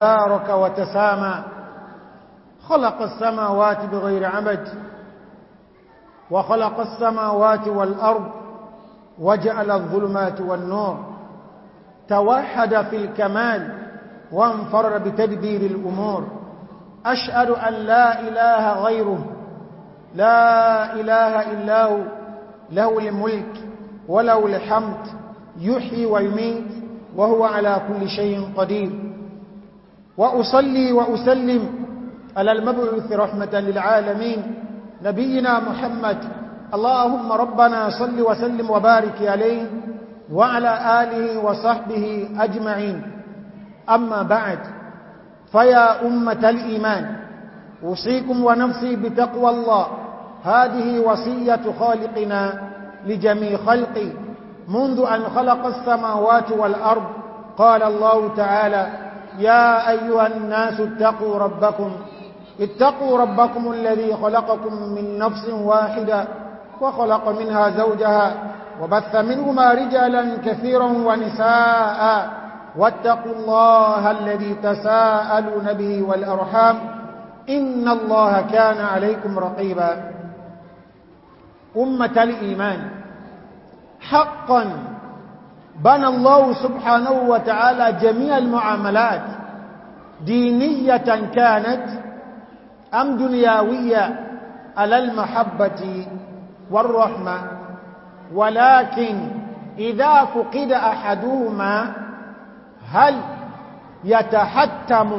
تبارك وتسامى خلق السماوات بغير عمد وخلق السماوات والأرض وجعل الظلمات والنور توحد في الكمال وانفر بتدبير الأمور أشهد أن لا إله غيره لا إله إلا هو له الملك وله الحمد يحيي ويميت وهو على كل شيء قدير وأصلي وأسلم على المبعوث رحمة للعالمين نبينا محمد اللهم ربنا صل وسلم وبارك عليه وعلى آله وصحبه أجمعين أما بعد فيا أمة الإيمان أوصيكم ونفسي بتقوى الله هذه وصية خالقنا لجميع خلقي منذ أن خلق السماوات والأرض قال الله تعالى يا أيها الناس اتقوا ربكم اتقوا ربكم الذي خلقكم من نفس واحدة وخلق منها زوجها وبث منهما رجالا كثيرا ونساء واتقوا الله الذي تساءلون به والأرحام إن الله كان عليكم رقيبا أمة الإيمان حقا بنى الله سبحانه وتعالى جميع المعاملات دينية كانت أم دنياوية على المحبة والرحمة ولكن إذا فقد أحدهما هل يتحتم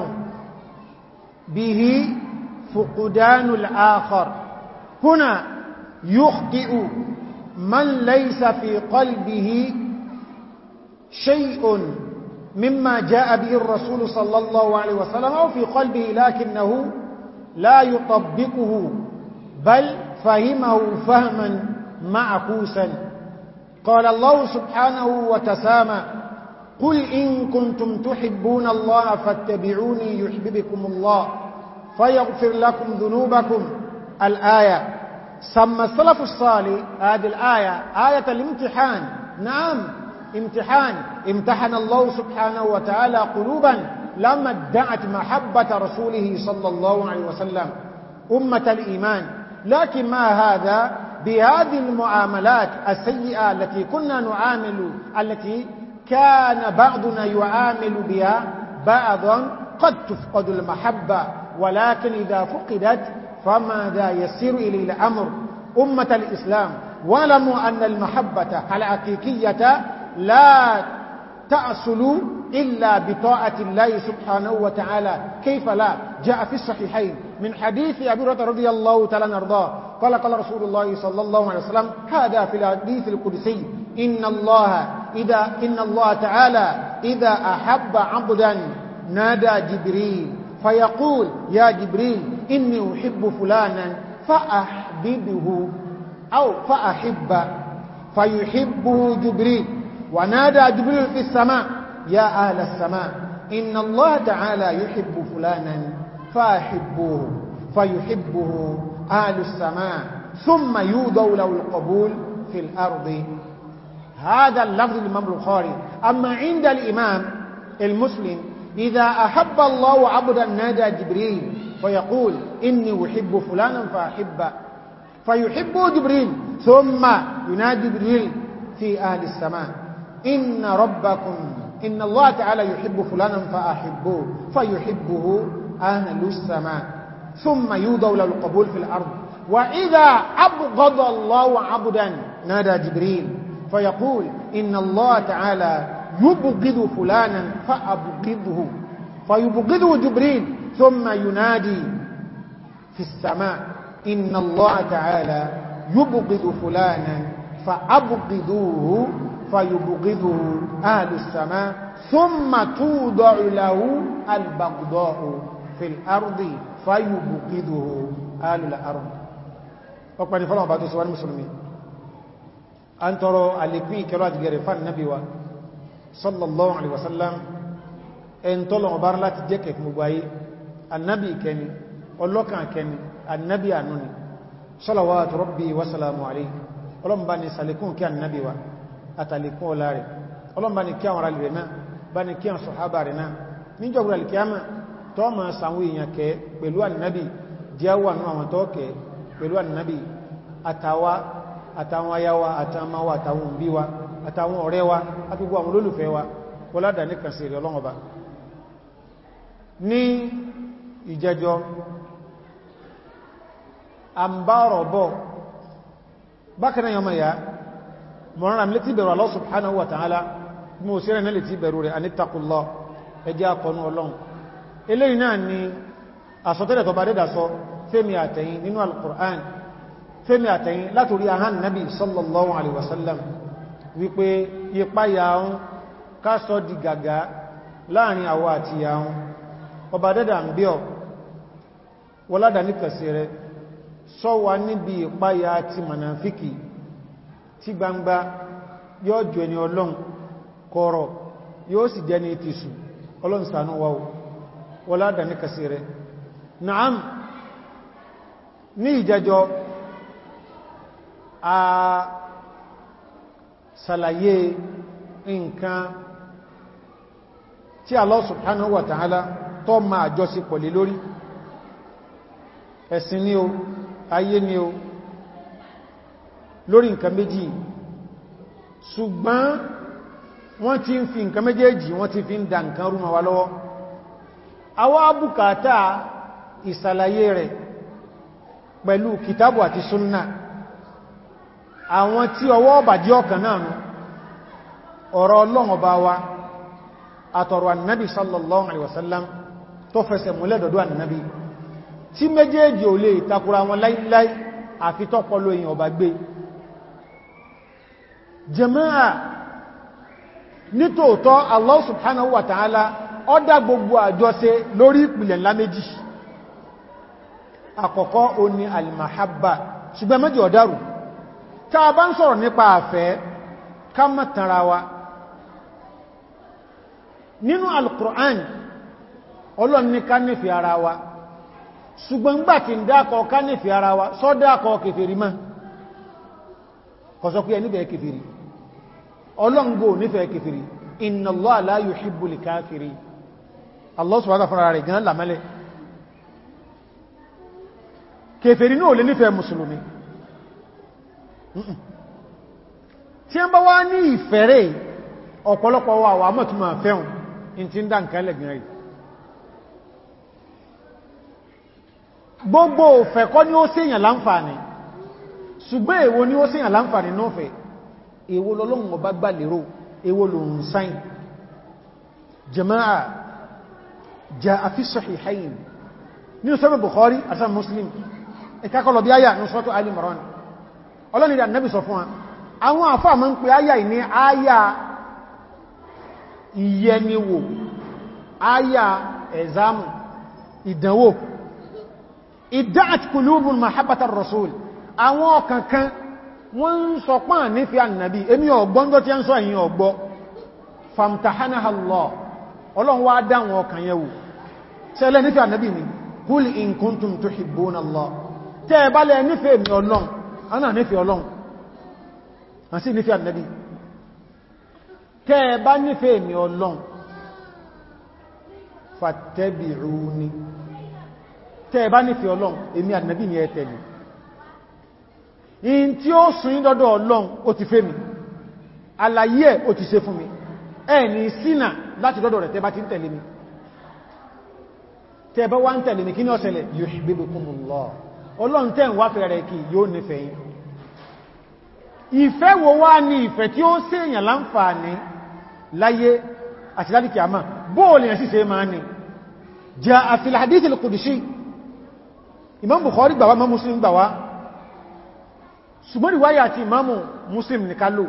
به فقدان الآخر هنا يخطئ من ليس في قلبه شيء مما جاء به الرسول صلى الله عليه وسلم أو في قلبه لكنه لا يطبقه بل فهمه فهما معكوسا قال الله سبحانه وتسامى قل إن كنتم تحبون الله فاتبعوني يحببكم الله فيغفر لكم ذنوبكم الآية سمى السلف الصالح هذه الآية آية الامتحان نعم امتحان امتحن الله سبحانه وتعالى قلوبا لما ادعت محبة رسوله صلى الله عليه وسلم أمة الإيمان لكن ما هذا بهذه المعاملات السيئة التي كنا نعامل التي كان بعضنا يعامل بها بعضا قد تفقد المحبة ولكن إذا فقدت فماذا يسير إلي الأمر أمة الإسلام ولموا أن المحبة الحقيقية لا تأصل إلا بطاعة الله سبحانه وتعالى كيف لا جاء في الصحيحين من حديث أبي هريرة رضي الله تعالى نرضاه قال قال رسول الله صلى الله عليه وسلم هذا في الحديث القدسي إن الله إذا إن الله تعالى إذا أحب عبدا نادى جبريل فيقول يا جبريل إني أحب فلانا فأحببه أو فأحب فيحبه جبريل ونادى جبريل في السماء يا أهل السماء إن الله تعالى يحب فلانا فأحبوه فيحبه أهل السماء ثم يوضوا له القبول في الأرض هذا اللفظ الإمام البخاري أما عند الإمام المسلم إذا أحب الله عبدا نادى جبريل فيقول إني أحب فلانا فأحبه فيحبه جبريل ثم ينادي جبريل في أهل السماء إن ربكم إن الله تعالى يحب فلانا فأحبه فيحبه أهل السماء ثم يوضع للقبول القبول في الأرض وإذا أبغض الله عبدا نادى جبريل فيقول إن الله تعالى يبغض فلانا فأبغضه فيبغضه جبريل ثم ينادي في السماء إن الله تعالى يبغض فلانا فأبغضوه فيبغضه آل السماء ثم توضع له البغضاء في الأرض فيبغضه آل الأرض أقبل فالله بعد سؤال المسلمين أن ترى الليكوية كرات جريفان نبيوة صلى الله عليه وسلم ان طلعوا بارلات جيكت مبايي النبي كني اللوكا كني النبي أنني صلوات ربي وسلام عليه ولم بني سالكون كان نبيوة àtàlẹ̀kún ọlá rẹ̀ ọlọ́run bá ní kí àwọn alìrẹ̀ náà bá ní kí ma sàwọn èèyàn kẹ pẹ̀lú ànìyàn díẹ̀wà nínú àwọn tọ́ọ̀kẹ́ pẹ̀lú ànìyàn àtàwà àtàwọn ayawa àtàmáwà àtàwọn òbí wa àtàwọn ọ̀rẹ́ wa àtúgbò àwọn olólùfẹ́ wa wọ́ládà ní kàn sí rẹ̀ ọlọ́run ọba ní mọ̀rànrà mi létí bẹ̀rù Allah subhanahu wa ta'ala mo sí rẹ̀ létí bẹ̀rù rẹ̀ anítàkùnlọ ẹjẹ́ akọ̀nú ọlọ́run eléyìí náà ni àsọtẹ́lẹ̀ tọba dédàsọ fẹ́mi àtẹ̀yìn nínú al-Qur'an fẹ́mi àtẹ̀yìn látorí ahán nabi sallallahu alaihi wasallam wípé ipa yàún ká sọ di gàgá láàrin àwọ tí gbangba yóò jù ẹni ọlọ́run kọ̀rọ̀ yóò sì jẹ́ ní ìtìsù ọlọ́run ṣàánú wa wọlá dàní kàsí rẹ̀ na'am ní ìjẹjọ́ a sàlàyé nǹkan tí Allah subhanahu wa ta'ala tó ma àjọsí pọ̀lẹ̀ lórí ẹ̀sìn ni o ayé ni o lórí nǹkan méjì ṣùgbọ́n wọ́n ti ń fi nǹkan méjèèjì wọ́n ti fi ń da nǹkan rú ma wa lọ́wọ́ awọ́ bùkátà ìsàlàyé rẹ̀ pẹ̀lú kìtàbù àti súnnà àwọn tí ọwọ́ bàjẹ́ ọ̀kan náà nù ọ̀rọ̀ ọlọ́run ọba wa àtọ̀rọ̀ annabi sallallahu alaihi wasallam tó fẹsẹ̀ múlẹ̀ dọ̀dọ̀ annabi tí méjèèjì ò lè takura wọn láíláí jama'a nítòótọ́ Allah subhanahu wa ta'ala ó dá gbogbo àjọṣe lórí ìpìlẹ̀ ńlá méjì àkọ́kọ́ o ní al-mahabba ṣùgbọ́n méjì ọ̀dárù tá a bá ń sọ̀rọ̀ nípa àfẹ́ ká má tanra wa nínú al-Qur'an Ọlọ́run ní ká nífẹ̀ẹ́ ara wa ṣùgbọ́n gbà tí ń dákọ ká nífẹ̀ẹ́ ara wa sọ́dákọ kèfèrí mọ́ kọ̀sọ́kú kèfèrí ọlọ́ngbò nífẹ̀ẹ́ kìfìrí inna Allah la yuhibbu al-kafirin Allah subhanahu fúnra rẹ̀ gan lámẹ́lẹ̀ kèfèrí náà lè nífẹ̀ẹ́ mùsùlùmí tí a ń bá wá ní ìfẹ̀rẹ̀ ọ̀pọ̀lọpọ̀ wà wà mọ̀ tí ma fẹ́hùn in ti ń dá nǹkan lẹ́gbìn gbogbo òfẹ́kọ́ ni ó ṣèyàn láǹfààní ṣùgbọ́n èwo ni ó ṣèyàn láǹfààní náà fẹ́ èwo lọ́lọ́run ọba gbà lérò èwo lòrùn sáìn jama'a ja a fi sahihayn nínú sọ́rọ̀ Bukhari àti Muslim ìkakọlọ̀ bí áyà ní sọ́tọ̀ Ali Imran ọlọ́ni da annabi sọ fún wa àwọn àfáà mọ́ ń pè áyà ní áyà ìyẹniwò áyà ẹ̀zámù ìdánwò ìdáàtì kùlúbùn mahabbatar rasul àwọn ọkàn wọ́n ń sọ pán nífẹ́ ànàbí èmi ọ̀gbọ́njọ́ tí a ń sọ ẹ̀yìn ọ̀gbọ́ famtahanahallah ọlọ́run wá dáwọn ọkàn yẹ̀wò tẹ́lẹ̀ nífẹ́ ànàbí ni kúl in kuntum tuhibbuna Allah tẹ́ balẹ̀ nífẹ́ mi ọlọ́run ana nífẹ́ ọlọ́run àti nífẹ́ ànàbí tẹ́ bá nífẹ́ mi ọlọ́run fattabi'uni in tí ó sùn dọ́dọ̀ ọlọ́run ó ti fẹ́ mi àlàyé ẹ̀ ó ti ṣe fún mi ẹni sínà láti dọ́dọ̀ rẹ̀ tẹba ti ń tẹ̀lé mi tẹba wá ń tẹ̀lé mi kí ní ọ̀sẹ̀lẹ̀ yuhibbukumullah ọlọ́run tẹ́ ń wáfẹ́ rẹ̀ kí yóò nífẹ̀ẹ́ yín ìfẹ́ wo wá ní ìfẹ́ tí ṣùgbọ́n ìwáyà àti ìmáàmù muslim ní kálò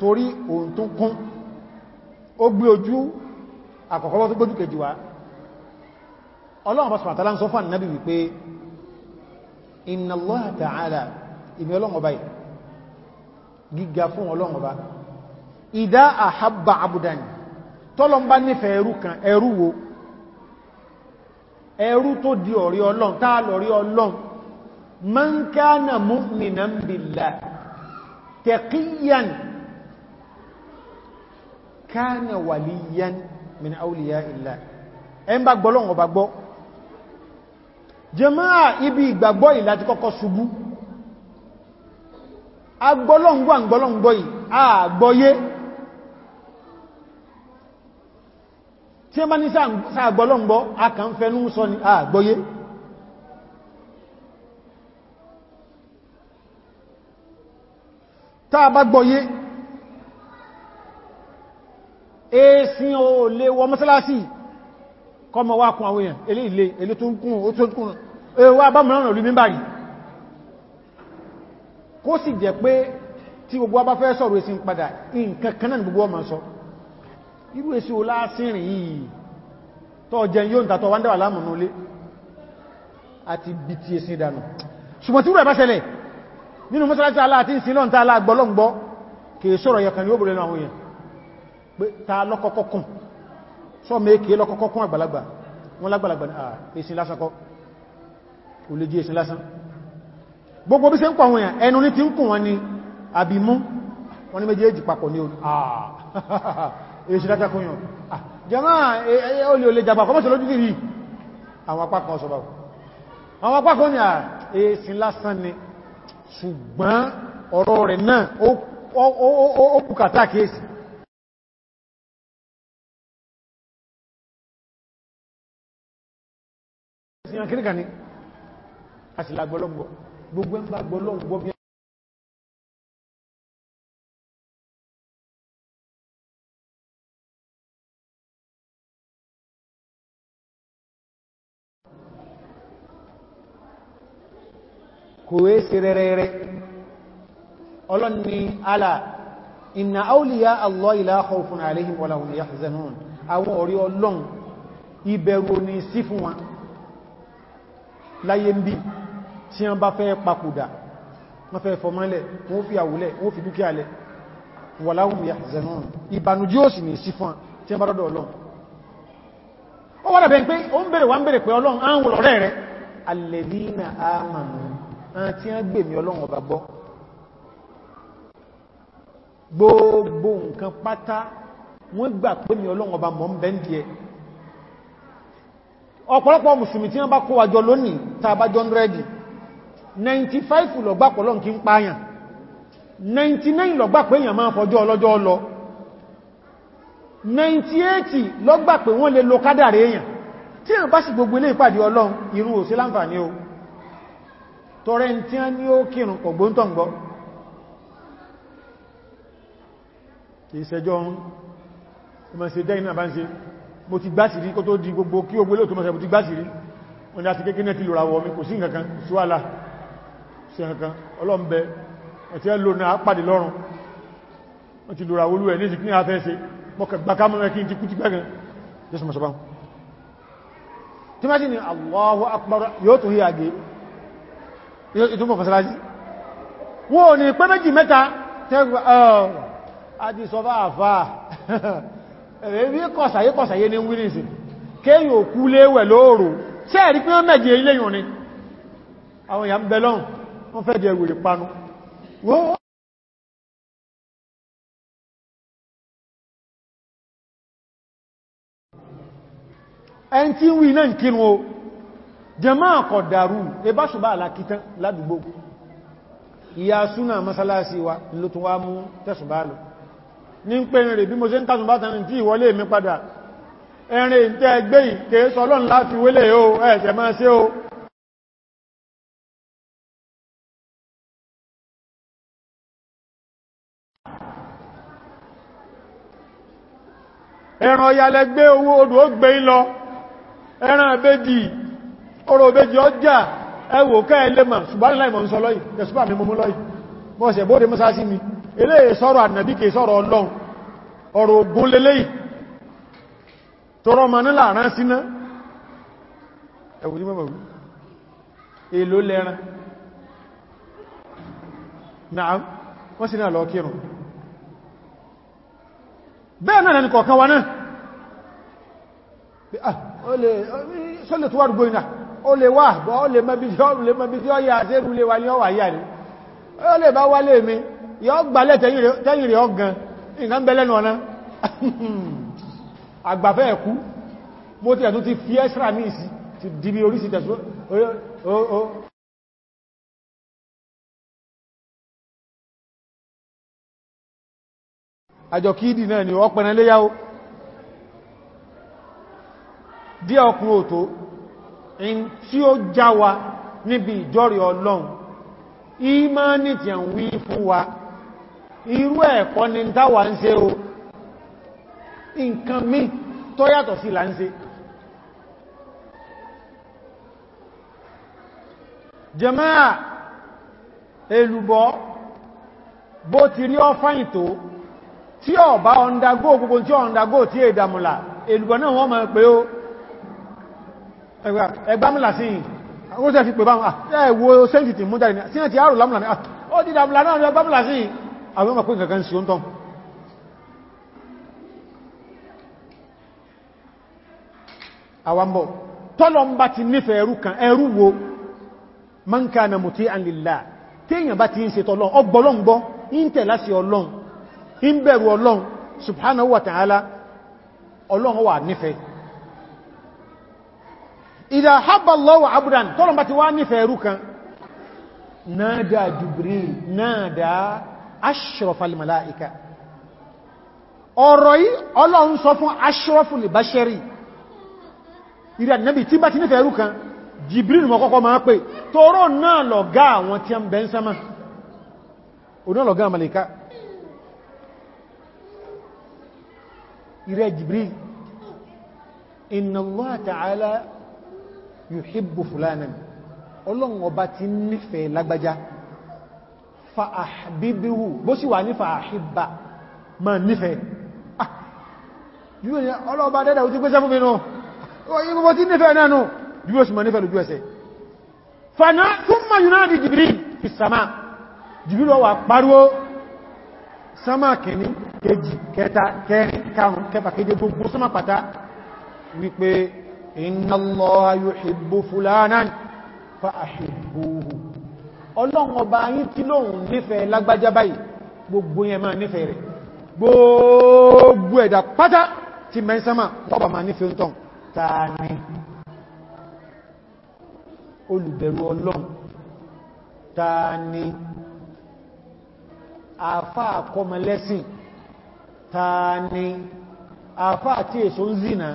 torí ohun tó kún ó gbé ojú àkọ́kọ́ tó gbójú kejì wá ọlọ́run bọ́sùn àtàlá ń sọ wípé inna Allah ta'ala ìmì ọlọ́run ọba yìí gíga fún ọlọ́run ọba ìdá àhábà abúdání tọ́lọ́n bá kan ẹrú wo ẹrú tó di ọ̀rí ọlọ́run táà lọ̀rí من كان مؤمنا بالله تقيا كان وليا من أولياء الله ẹn bá gbọ́lọ́ ọba gbọ́ jẹmáà ibi ìgbàgbọ́ yìí láti kọ́kọ́ ṣubú agbọ́lọ́ngbọ́ àgbọ́lọ́ngbọ́ yìí àgbọ́yé tí ẹ bá ní sáàgbọ́lọ́ngbọ́ a kàn fẹ́nú sọ ni àgbọ́yé ah, táa bá gbọ́yé èsìn o lè wọ mọ́sálásí kọmọ wá kún àwọn èèyàn elé ilé elé tó ń kún ó tó ń kún ẹwà bá mìíràn lórí mímbàrí kó sì jẹ́ pé tí gbogbo a bá fẹ́ sọ̀rọ̀ èsìn padà nǹkan kan náà gbogbo ọmọ sọ irú o lásìnrìn yìí tọ́ jẹ yóò tàtọ̀ wándẹ̀wà lámùnú lé àti bìtì nínú mọ́sálásí aláàtí ìsinlọ́n tàà aláàgbọ́lọ́gbọ́ kìí sọ́rọ̀ yẹ̀kan ní obìnrin àwọn èèyàn pé ta lọ́kọ́kọ́kún sọ mẹ́kẹ́ lọ́kọ́kọ́kún àgbàlagbà wọ́n lágbàlagbà ẹ̀sìn lásàkọ́ kò lè jí ẹ̀sìn lásán gbogbo bí ṣe ń pàwọn èèyàn ẹnu ní ti ń kùn wọn ni àbí mú wọn ni méjèèjì papọ̀ ní orí èsì látàkùnyàn jẹmọ́ e, e, e, olè olè jàbà kọmọ́sọ̀ lójú tìrí àwọn apá kan sọ báwọn àwọn apá kan ní ẹ̀sìn lásán ni ṣùgbọ́n ọ̀rọ̀ rẹ̀ náà ó bùkátà kéèsì ìsìnkà kíníkà ní àṣìlá gbọ́lọ́gbọ́ gbogbo ẹgbà gbọ́lọ́gbọ́ bí kòwé sí rere ọlọ́ni alá inna awliya allahi la khawfun alayhim wa lahum yahzanun àwọn orí ọlọ́n ìbẹ̀rù ní sí fún wọn láyé ń bí tí wọ́n bá fẹ́ papòdà wọ́n fẹ́ fọmọ́lẹ̀ wọ́n fi àwúlẹ̀ fi duki ale wala lahum ya ìbànújí ó o ní sí fún tí wọ́n bá dọ́dọ̀ ọlọ́n olon àwọn tí wọ́n gbèmí ọlọ́run ọba gbọ́ gbogbo nǹkan pátá wọ́n gbà pé mi ọlọ́run ọba mọ̀ ń bẹ́ ń di ẹ ọ̀pọ̀lọpọ̀ mùsùlùmí tí wọ́n bá kó wájọ lónìí tàbájọ́ rẹ́dì 95 lọ́gbà pọ̀lọ́n kí ń pààyàn pé èèyàn máa fọjọ́ ọlọ́jọ́ lọ 98 lọ́gbà pé wọ́n lè lo kádàrí èèyàn tí wọ́n bá sì gbogbo ilé ìpàdé ọlọ́run irú òsí láǹfààní o tọrẹ tí a ní ó kírùn ọgbóntọ̀gbọ́ ìṣẹ́jọ́ ohun ìmọ̀sí dẹ́yìn náà di gbogbo kí ogbó lóòtọ́ mọ́sẹ̀ mo ti gbá sírí wọ́n dá sí kéèkéé náà ti lòrà wọ́ mi kò sí nǹkan sí wà láà sí nǹkan ọlọ́m̀bẹ ẹ̀tí ẹ lò náà pàdé lọ́rùn wọ́n ti olú ẹ̀ ní ìsìnkú náà fẹ́ ṣe mọ́kàgbàká mọ́rẹ́ ti kú ti gbẹ́gan jésù tí má sí ni Allahu Akbar yóò tó hí àgé ìtúnmọ̀ fàṣílájí wọ́n ní pẹ́ méjì mẹ́ta tẹ́gbà àdìsọ́bá àfà ẹ̀rẹ́ rí kọ̀sàyé kọ̀sàyé ní wílìsì kéyìn òkú léwẹ̀ lóòrò sẹ́ẹ̀rí pé wọ́n mẹ́jì ilé yùn ni àwọn ìyà ń bẹ lọ́n wọ́n fẹ́ jẹ wèrè panu ẹni tí ń wí náà kírun o jẹmọ́ àkọ̀ dàrú ẹbá ṣùgbà alákítán ládùgbò ìyá súnà masalasi wa ló tún wá mú tẹ́sùnbà lọ ní ń pè rẹ̀ bí mo ṣe ń tàṣùnbà tàní tí ìwọlé mi padà ẹ̀rìn tẹ́ gbé ìkẹ́ sọlọ́n láti wélé o ẹ̀ẹ̀ṣẹ̀ máa ṣe o ẹ̀rọ ọ̀yà lẹ gbé owó odò ó gbé ń lọ ẹran àbẹ́dì ọ̀rọ̀ òbejì ọjà ẹwò kẹ́ẹ̀lẹ́mà ṣùgbọ́n láìmọ̀ ń sọ lọ́yìn ẹ̀ṣùgbà mi mú lọ́yìn mọ́sẹ̀ bóde mọ́sá sí mi eléyìí sọ̀rọ̀ ànàbí kìí sọ̀rọ̀ ọlọ́run ọ̀rọ̀ ogun leléyìí tọrọ ma ní láàrán síná ẹ̀wùdí mọ́mọ̀ èlò lẹ́ran náà wọ́n sí náà ah, lọ ó lè wà bọ́ ó lè mọ́bí tí ó yà sẹ́rù lè wà ní ọwà yà ní ó lè bá wálé mi yọ gbalẹ̀ tẹ́yìn rẹ̀ ọgán nǹkan bẹ́lẹ́nu ọ̀nà àgbàfẹ́ ẹ̀kú mo ti ẹ̀tún ti fi ẹ́ṣrà ní ìsì ti dìbí orísì tẹ̀sù àjọ kíìdì náà ni ọpẹ̀rẹ̀ léyàwó díẹ̀ ọkùnrin òtó in tí ó já wa níbi ìjọ́rì ọlọ́run ìmánì tí a ń wí fún wa irú ẹ̀kọ́ ni dáwà ń ṣe o nǹkan mí tó yàtọ̀ sí là ń ṣe jẹmáà èlùbọ́ bó ti rí ọfáyìn tó tí ọ̀bá ọ̀ndagó gbogbo tí ọ̀ndagó tí èdàmùlà èlùbọ́ náà wọ́n máa pé ó ẹgbàmìlà sí ó tẹ́ fi pè bá wọn ah, ẹ̀wọ́ sẹ́ntì tí mú jáde ní síyàn ti àrò lámùlà ní ah, ó ti dàbùlà náà ní ẹgbàmìlà sí àwọn ọmọ pín kankan sí oúntọ́ àwambọ̀ tọ́lọ ń bá ti nífẹ̀ ẹrú kan ẹrú wo man kana muti'an lillah téèyàn bá ti ń ṣe tọ́lọ ọgbọ́lọ́ngbọ́ ń tẹ̀ láti ọlọ́n ń bẹ̀rù ọlọ́n subhanahu wa ta'ala ọlọ́n wà nífẹ̀ẹ́ ìdá hábàlọ́wà abúdán tọ́lọ̀ bá ti wá nífẹ̀ẹ́ ẹrú kan náà dá Jibril náà dá ashrafal mala'ika ọ̀rọ̀ yìí ọlọ́run sọ fún ashraful bashari ìrìn àdínábì tí bá ti nífẹ̀ẹ́ ẹrú kan Jibril mọ́ kọ́kọ́ máa pè tọ́rọ náà lọ̀gá inna Allah ta'ala yuhibbu fulanan ọlọ́run ọba ti nífẹ̀ẹ́ lágbájá fa'ahbibihu bó sì wà ní fa'ahibba ma nífẹ̀ẹ́ ah! ọlọ́ọba dẹ́dà ó ti pèsè fún mi nù ìbúbọ̀ tí nífẹ̀ẹ́ náà nù yíò sì ma nífẹ̀ẹ́ lójú ẹsẹ̀ fana thumma yunadi Jibril fi sama Jibril wà pariwo sama kìíní kejì kẹta kẹrin karùn kẹfà keje gbogbo sama pàtà wípé inna الله يحب فلانا fa'ahibbuhu ọlọ́run ọba yín tí lóhun nífẹ̀ẹ́ lágbájá báyìí gbogbo yẹn máa nífẹ̀ẹ́ rẹ̀ gbogbo ẹ̀dà pátá ti mẹ́sánmà ọba máa nífẹ̀ẹ́ tán tààrin olùbẹ̀rù ọlọ́run tààni àfá àkọmọlẹ́sìn tààni àfá àti èso ń zìnà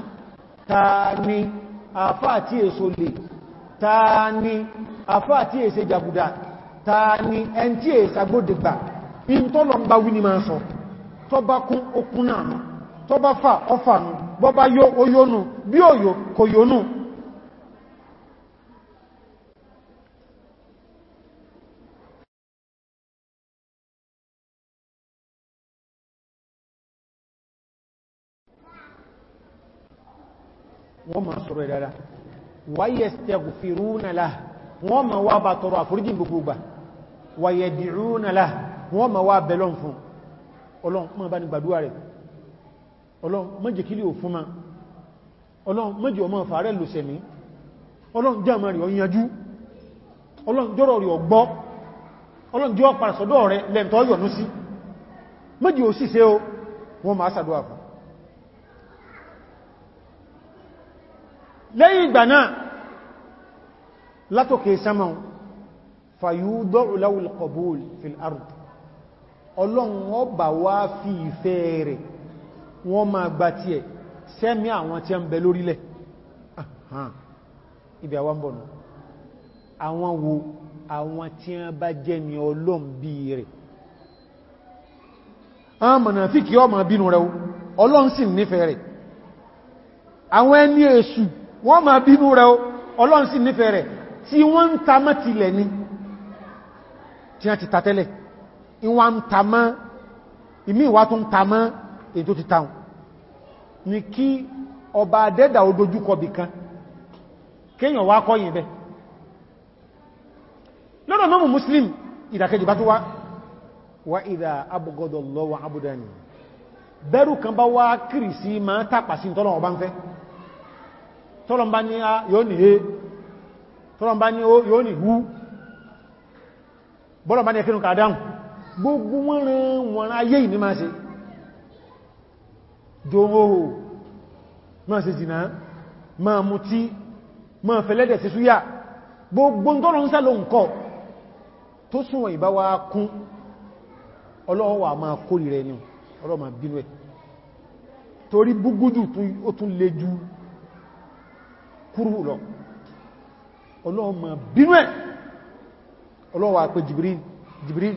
tààni àfá àti èso lè tààni àfá àti èsè jàgùdà tààni ẹn tí èsà gbódìgbà in tó lọ ń bá wí ní máa sọ tó bá kún okun náà tó bá fà ọfà nù bọ́bá yó oyónù bí òyò kò yónù wọ́n ma sọ̀rọ̀ ìdára wáyẹ̀stẹ̀gùfìrúnà láà wọ́n ma wá bá tọrọ àforíjì gbogbo gbà wàyẹ̀dìrúnà láà wọ́n ma wá bẹ̀lọ́n fún ọlọ́run má bá ni gbàdúrà rẹ̀ ọlọ́run má jẹ́ kí ilé òfun ma ọlọ́run má jẹ́ ó má fàárẹ̀ lọ sẹ́mi ọlọ́run jẹ́ àmà lẹ́yìn ìgbà náà látòkè sámọ̀ fàyúdọ́ ìlàwòl kọbúl fil ard ọlọ́run ọba wá fi ìfẹ́ rẹ̀ wọ́n ma gba ti ẹ̀ sẹ́mí àwọn tí a ń bẹ lórílẹ̀ ibi àwọn bọ̀nà àwọn wo àwọn tí a bá jẹ́ ni ọlọ́run bí rẹ̀ àwọn ẹni èṣù wọ́n máa bínú rẹ̀ ọlọ́run sí nífẹ̀ẹ́ rẹ̀ tí wọ́n ń ta mọ́ tilẹ̀ ni tí wọ́n ti ta tẹ́lẹ̀ ìwà ń ta mọ́ ìmí ìwà tó ń ta mọ́ ètò ti taun ni kí ọba adẹ́dà ó bì kan kéèyàn wá kọ́yìn bẹ́ lọ́dọ̀ mọ́mù muslim ìdàkejì bá tó wá wá ìdà abúgọ́dọ̀ lọ́wọ́ abúdání bẹ́rù kan bá wá kìrì sí máa tàpà sí tọ́lọ̀ ọba ń fẹ́ tọ́lọmbá ní a yóò ní he tọ́lọmbá ní yóò ní hú bọ́lọmbá ní ẹkínú kàdáhùn gbogbo wọ́nrin wọ́n ayé ìní máa ṣe jòhóhò máa ṣe jìnà máa mutí máa fẹ́lẹ́dẹ̀ sí súyà gbogbo tọ́lọ ń sálò nǹkọ́ kúrú lọ ọlọ́run ma bínú ẹ̀ ọlọ́run pé Jibril Jibril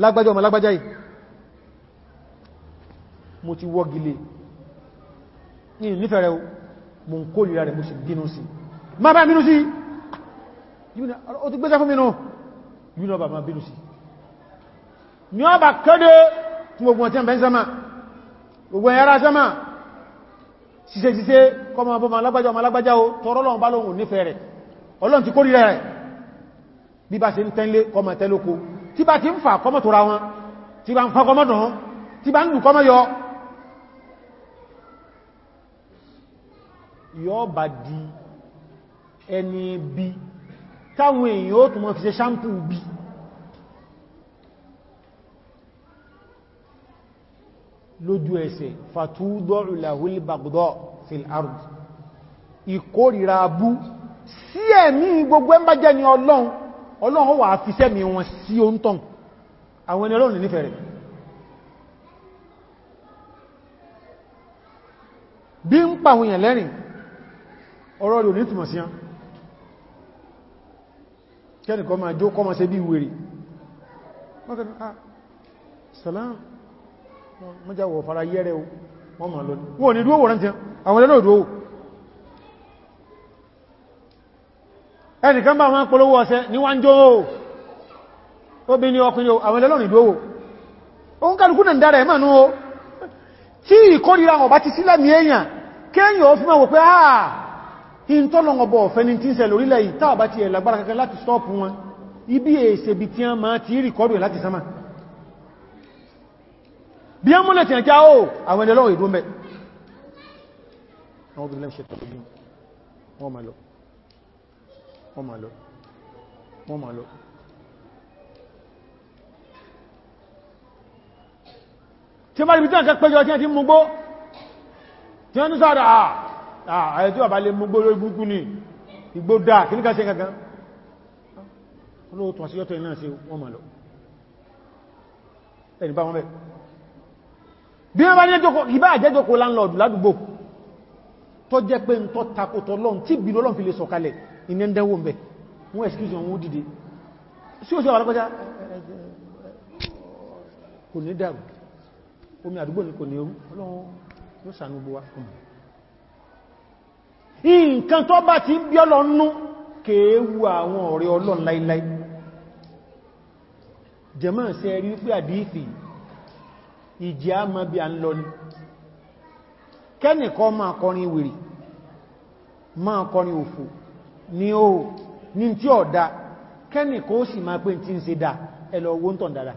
lágbájá ọmọ lágbájá yìí mo ti wọ́ gilé ní nífẹ̀ẹ́rẹ́ mo ń kó ìrà rẹ̀ mo sì bínú sí ma bá bínú sí o ti gbéṣẹ́ fún mi náà yìí náà bà ma bínú sí kọmọ ọmọ alágbájá ọmọ alágbájá o tọrọlọ́n bá lóhun nífẹ́ rẹ̀ ọlọ́n ti kó rí rẹ̀ bí bá ṣe ń tẹ́lé kọmọ tẹ́lókó tí bá ti ń fà kọmọ tóra wọn tí bá ń fa kọmọ dùn tí bá ń lù kọmọ yọ lójú ẹsẹ̀ fàtúdọ̀ ìlàwílì fil ard ìkórìíra abú sí ẹ̀mí gbogbo ẹmbá jẹ́ ni ọlọ́run ọlọ́run wà fi sẹ́mi wọn sí o ń tàn àwọn ẹni ọlọ́run nífẹ̀ẹ́ rẹ̀ bí ń pàwọn èèyàn lẹ́rìn ọ̀rọ̀ rẹ̀ ò ní túnmọ̀ sí án kẹ́nìkan máa jó kọ́ máa ṣe bí wèrè mọ́kànlá sàlám mọ́jáwọ̀ fara yẹ́rẹ̀ o wọ́n ma lọ wọ́n ni dúó wọ́n tí àwọn ẹlẹ́nà òdúó ẹnìkan bá wọn polówó ọṣẹ ní wá ń jó obìnrin ọkùnrin àwọn ẹlẹ́nà ìdúó òun kàrùkú o tí in tọ́lọ̀ ọ̀bọ̀ ọ̀fẹ́ ní tí ń ṣe lórílẹ̀ ìtàbátí ẹ̀ kankan láti stọ́ọ̀pù wọn ibi èsèbí tí a máa ti rí kọ́rù ẹ̀ láti sánmà bí án múlẹ̀ tí ẹ̀kẹ́ ó àwọn ẹ̀lẹ́ lọ́wọ́ ìdúnbẹ̀ wọ́n bí lẹ́mṣẹ́ tó bí wọ́n ma lọ wọ́n ma lọ wọ́n ma lọ tí ó bá rí bí tí ẹ̀kẹ́ pẹ́jọ tí ẹ̀kẹ́ múgbó tí ó ń sára ààrẹ tí ó bá lè bí wọ́n bá ní ẹjọ́kọ́ ìbá àjẹ́jọ́kọ́ láńlọ́ọ̀dù ládùgbò tó jẹ́ pé ń tọ́ takòtọ̀ lọ́n tí bí lọ́lọ́n fi lè sọ̀kalẹ̀ iná dẹ́wò mẹ́ wọ́n excuse wọn dìde sí òṣèlú alápẹ́já kò ní dàrú omi àdúgbò ní kò ní orú ọlọ́run yóò sànú gbówá fún nǹkan tó bá ti bí ọlọ́nú kéèwù àwọn ọ̀rẹ́ ọlọ́run láíláí jẹ́mọ́ sí ẹ̀rí pé àdífì ìjì a mọ́ bí a ń lọ ní kẹ́nìkọ́ máa kọrin wèrè máa kọrin òfò ní ó ní tí ó dá kẹ́nìkọ́ ó sì máa pé tí ń ṣe dá ẹlọ owó ń tàn dára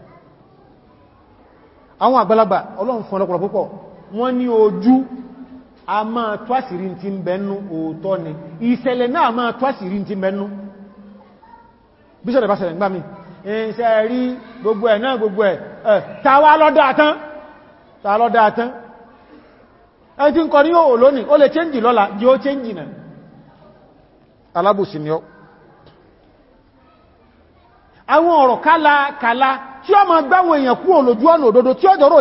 àwọn àgbàlagbà ọlọ́run fún ọlọ́pọ̀lọ́ púpọ̀ wọ́n ní ojú a máa tú àṣírí tí ń bẹnú òótọ́ ni ìṣẹ̀lẹ̀ náà máa tú tí ń bẹnú bíṣọ̀dẹ̀ bá ṣẹlẹ̀ nígbàmí ìṣẹ̀rí gbogbo ẹ̀ náà gbogbo ẹ̀ tàwa lọ́dọ̀ àtán tààlọ́ dáatán ẹni tí ń kọ ní o lónìí ó lè chẹ́njì lọ́la yóò chẹ́njì náà alábùsí ni ó àwọn ọ̀rọ̀ tí ó ma gbáwọn èèyàn kú olójú ọ̀nà òdodo tí ó jọrọ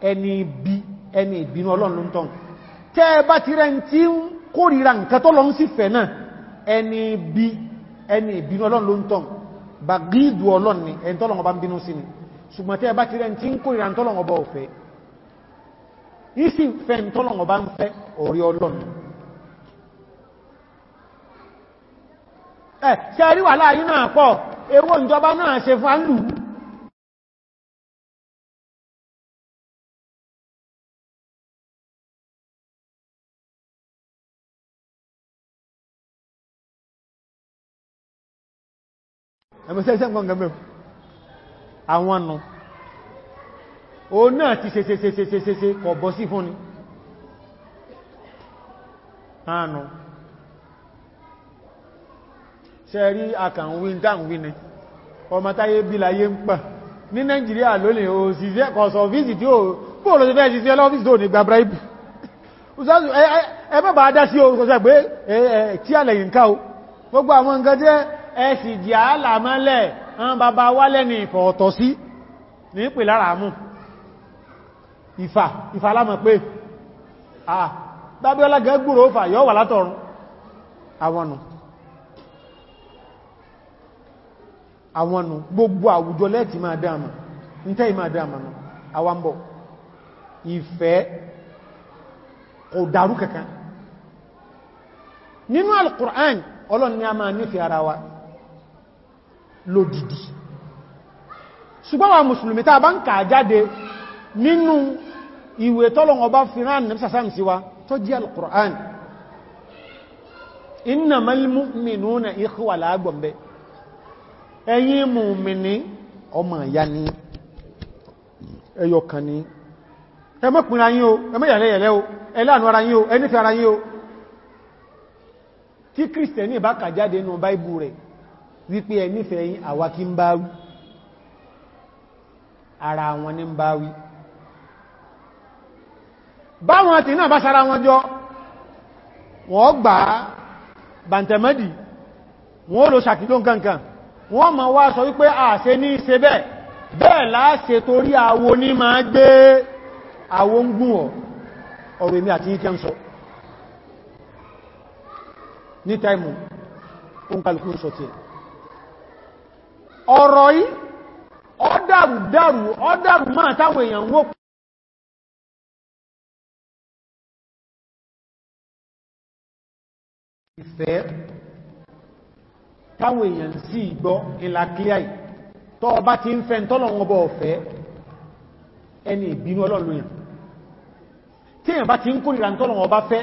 èèyàn tí ẹni ìbínú ọlọ́run ló ń bá kórìíra nǹkan tó lọ ń sì fẹ̀ náà ẹni bí ẹni ìbínú ọlọ́run ló ń tọ́n bà gíìdù ọlọ́run ni ẹni tọ́lọ̀wọ́ bá ń bínú sí ni ṣùgbọ́n tẹ́ bá ti rẹ̀ tí ń kórìíra tọ́lọ̀wọ́ bá ọ̀fẹ́ ìsì fẹ́ tọ́lọ̀wọ́ bá ẹmọ̀sẹ́sẹ́ nǹkan gẹ̀mẹ́ àwọn nù o náà ti ṣe ṣe ṣe ṣe ṣe ṣe ṣe kọ̀ bọ́ sí fún ni àànù ṣe rí àkànwí dáǹwí ni ọmọ táyé bí láyé ń pà ní Nàìjíríà lónìí o ṣiṣẹ́ kọ̀sọ̀ fíìsì tí ó bóòlò ti fẹ́ ṣiṣẹ́ lọ́fíìsì tó ní gba bribe ẹmọ́ bá dá sí o sọ ẹ̀sì jì àálàmọ́lẹ̀ àwọn bàbá wálẹ̀ ní ìfọ̀ ọ̀tọ̀ sí ní pè lára mú ìfà ìfà lámọ̀ pé àà bábíọ́lá egboro ó fà yọ́ wà látọ̀run àwọnù àwọnù gbogbo àwùjọ lẹ́ẹ̀tì máa dáàmà ń tẹ́ ìmáa dáàmà ọlọ́ni a máa nífẹ̀ẹ́ ara wa lódìdí ṣùgbọ́n àwọn mùsùlùmí tàà bá ń kà jáde nínú ìwé tọ́lọ̀wọ́ bá fi rán ní sàsám síwá tó jẹ́ al-Qur'an innamal mu'minuna ikhwa lágbọ̀m̀bẹ̀ ẹ̀yin mùmìnì ọmọ ìyá ni ẹyọkan ni ẹmọ́pìnra yín o ẹmọ́yẹ̀lẹ́yẹ̀lẹ́ o ẹláànú ara yín o ẹnífẹ́ ara yín o tí kìrìsìtẹ̀ní bá kà jáde nínú báìbù rẹ̀ wípé ẹ̀mífẹ́ yìí àwákí ń báwí ara wọn ní ń báwí báwọn àti náà bá sára wọn jọ wọ́n gbà bàntẹ̀mẹ́dì wọ́n lò ṣàkìlò kankan wọ́n ma wá sọ wípé àṣẹ ní ṣe bẹ́ẹ̀ bẹ́ẹ̀ láṣẹ torí àwo ní máa gbé àwo ń ní taimu ó ń kàlùkù sọ tí ẹ̀ ọ̀rọ̀ yìí ọ̀dàrù dàrù ọ̀dàrù máa táwọn èèyàn wó ìfẹ́ táwọn èèyàn sí ìgbọ́ ìlà clear tọ́ ọba ti ń fẹ́ tọ́lọ̀wọ́n bọ́ ọ̀fẹ́ ẹni ìbínú ọlọ́lọ́yàn tí èèyàn bá ti ń kórìíra tọ́lọ̀wọ́n bá fẹ́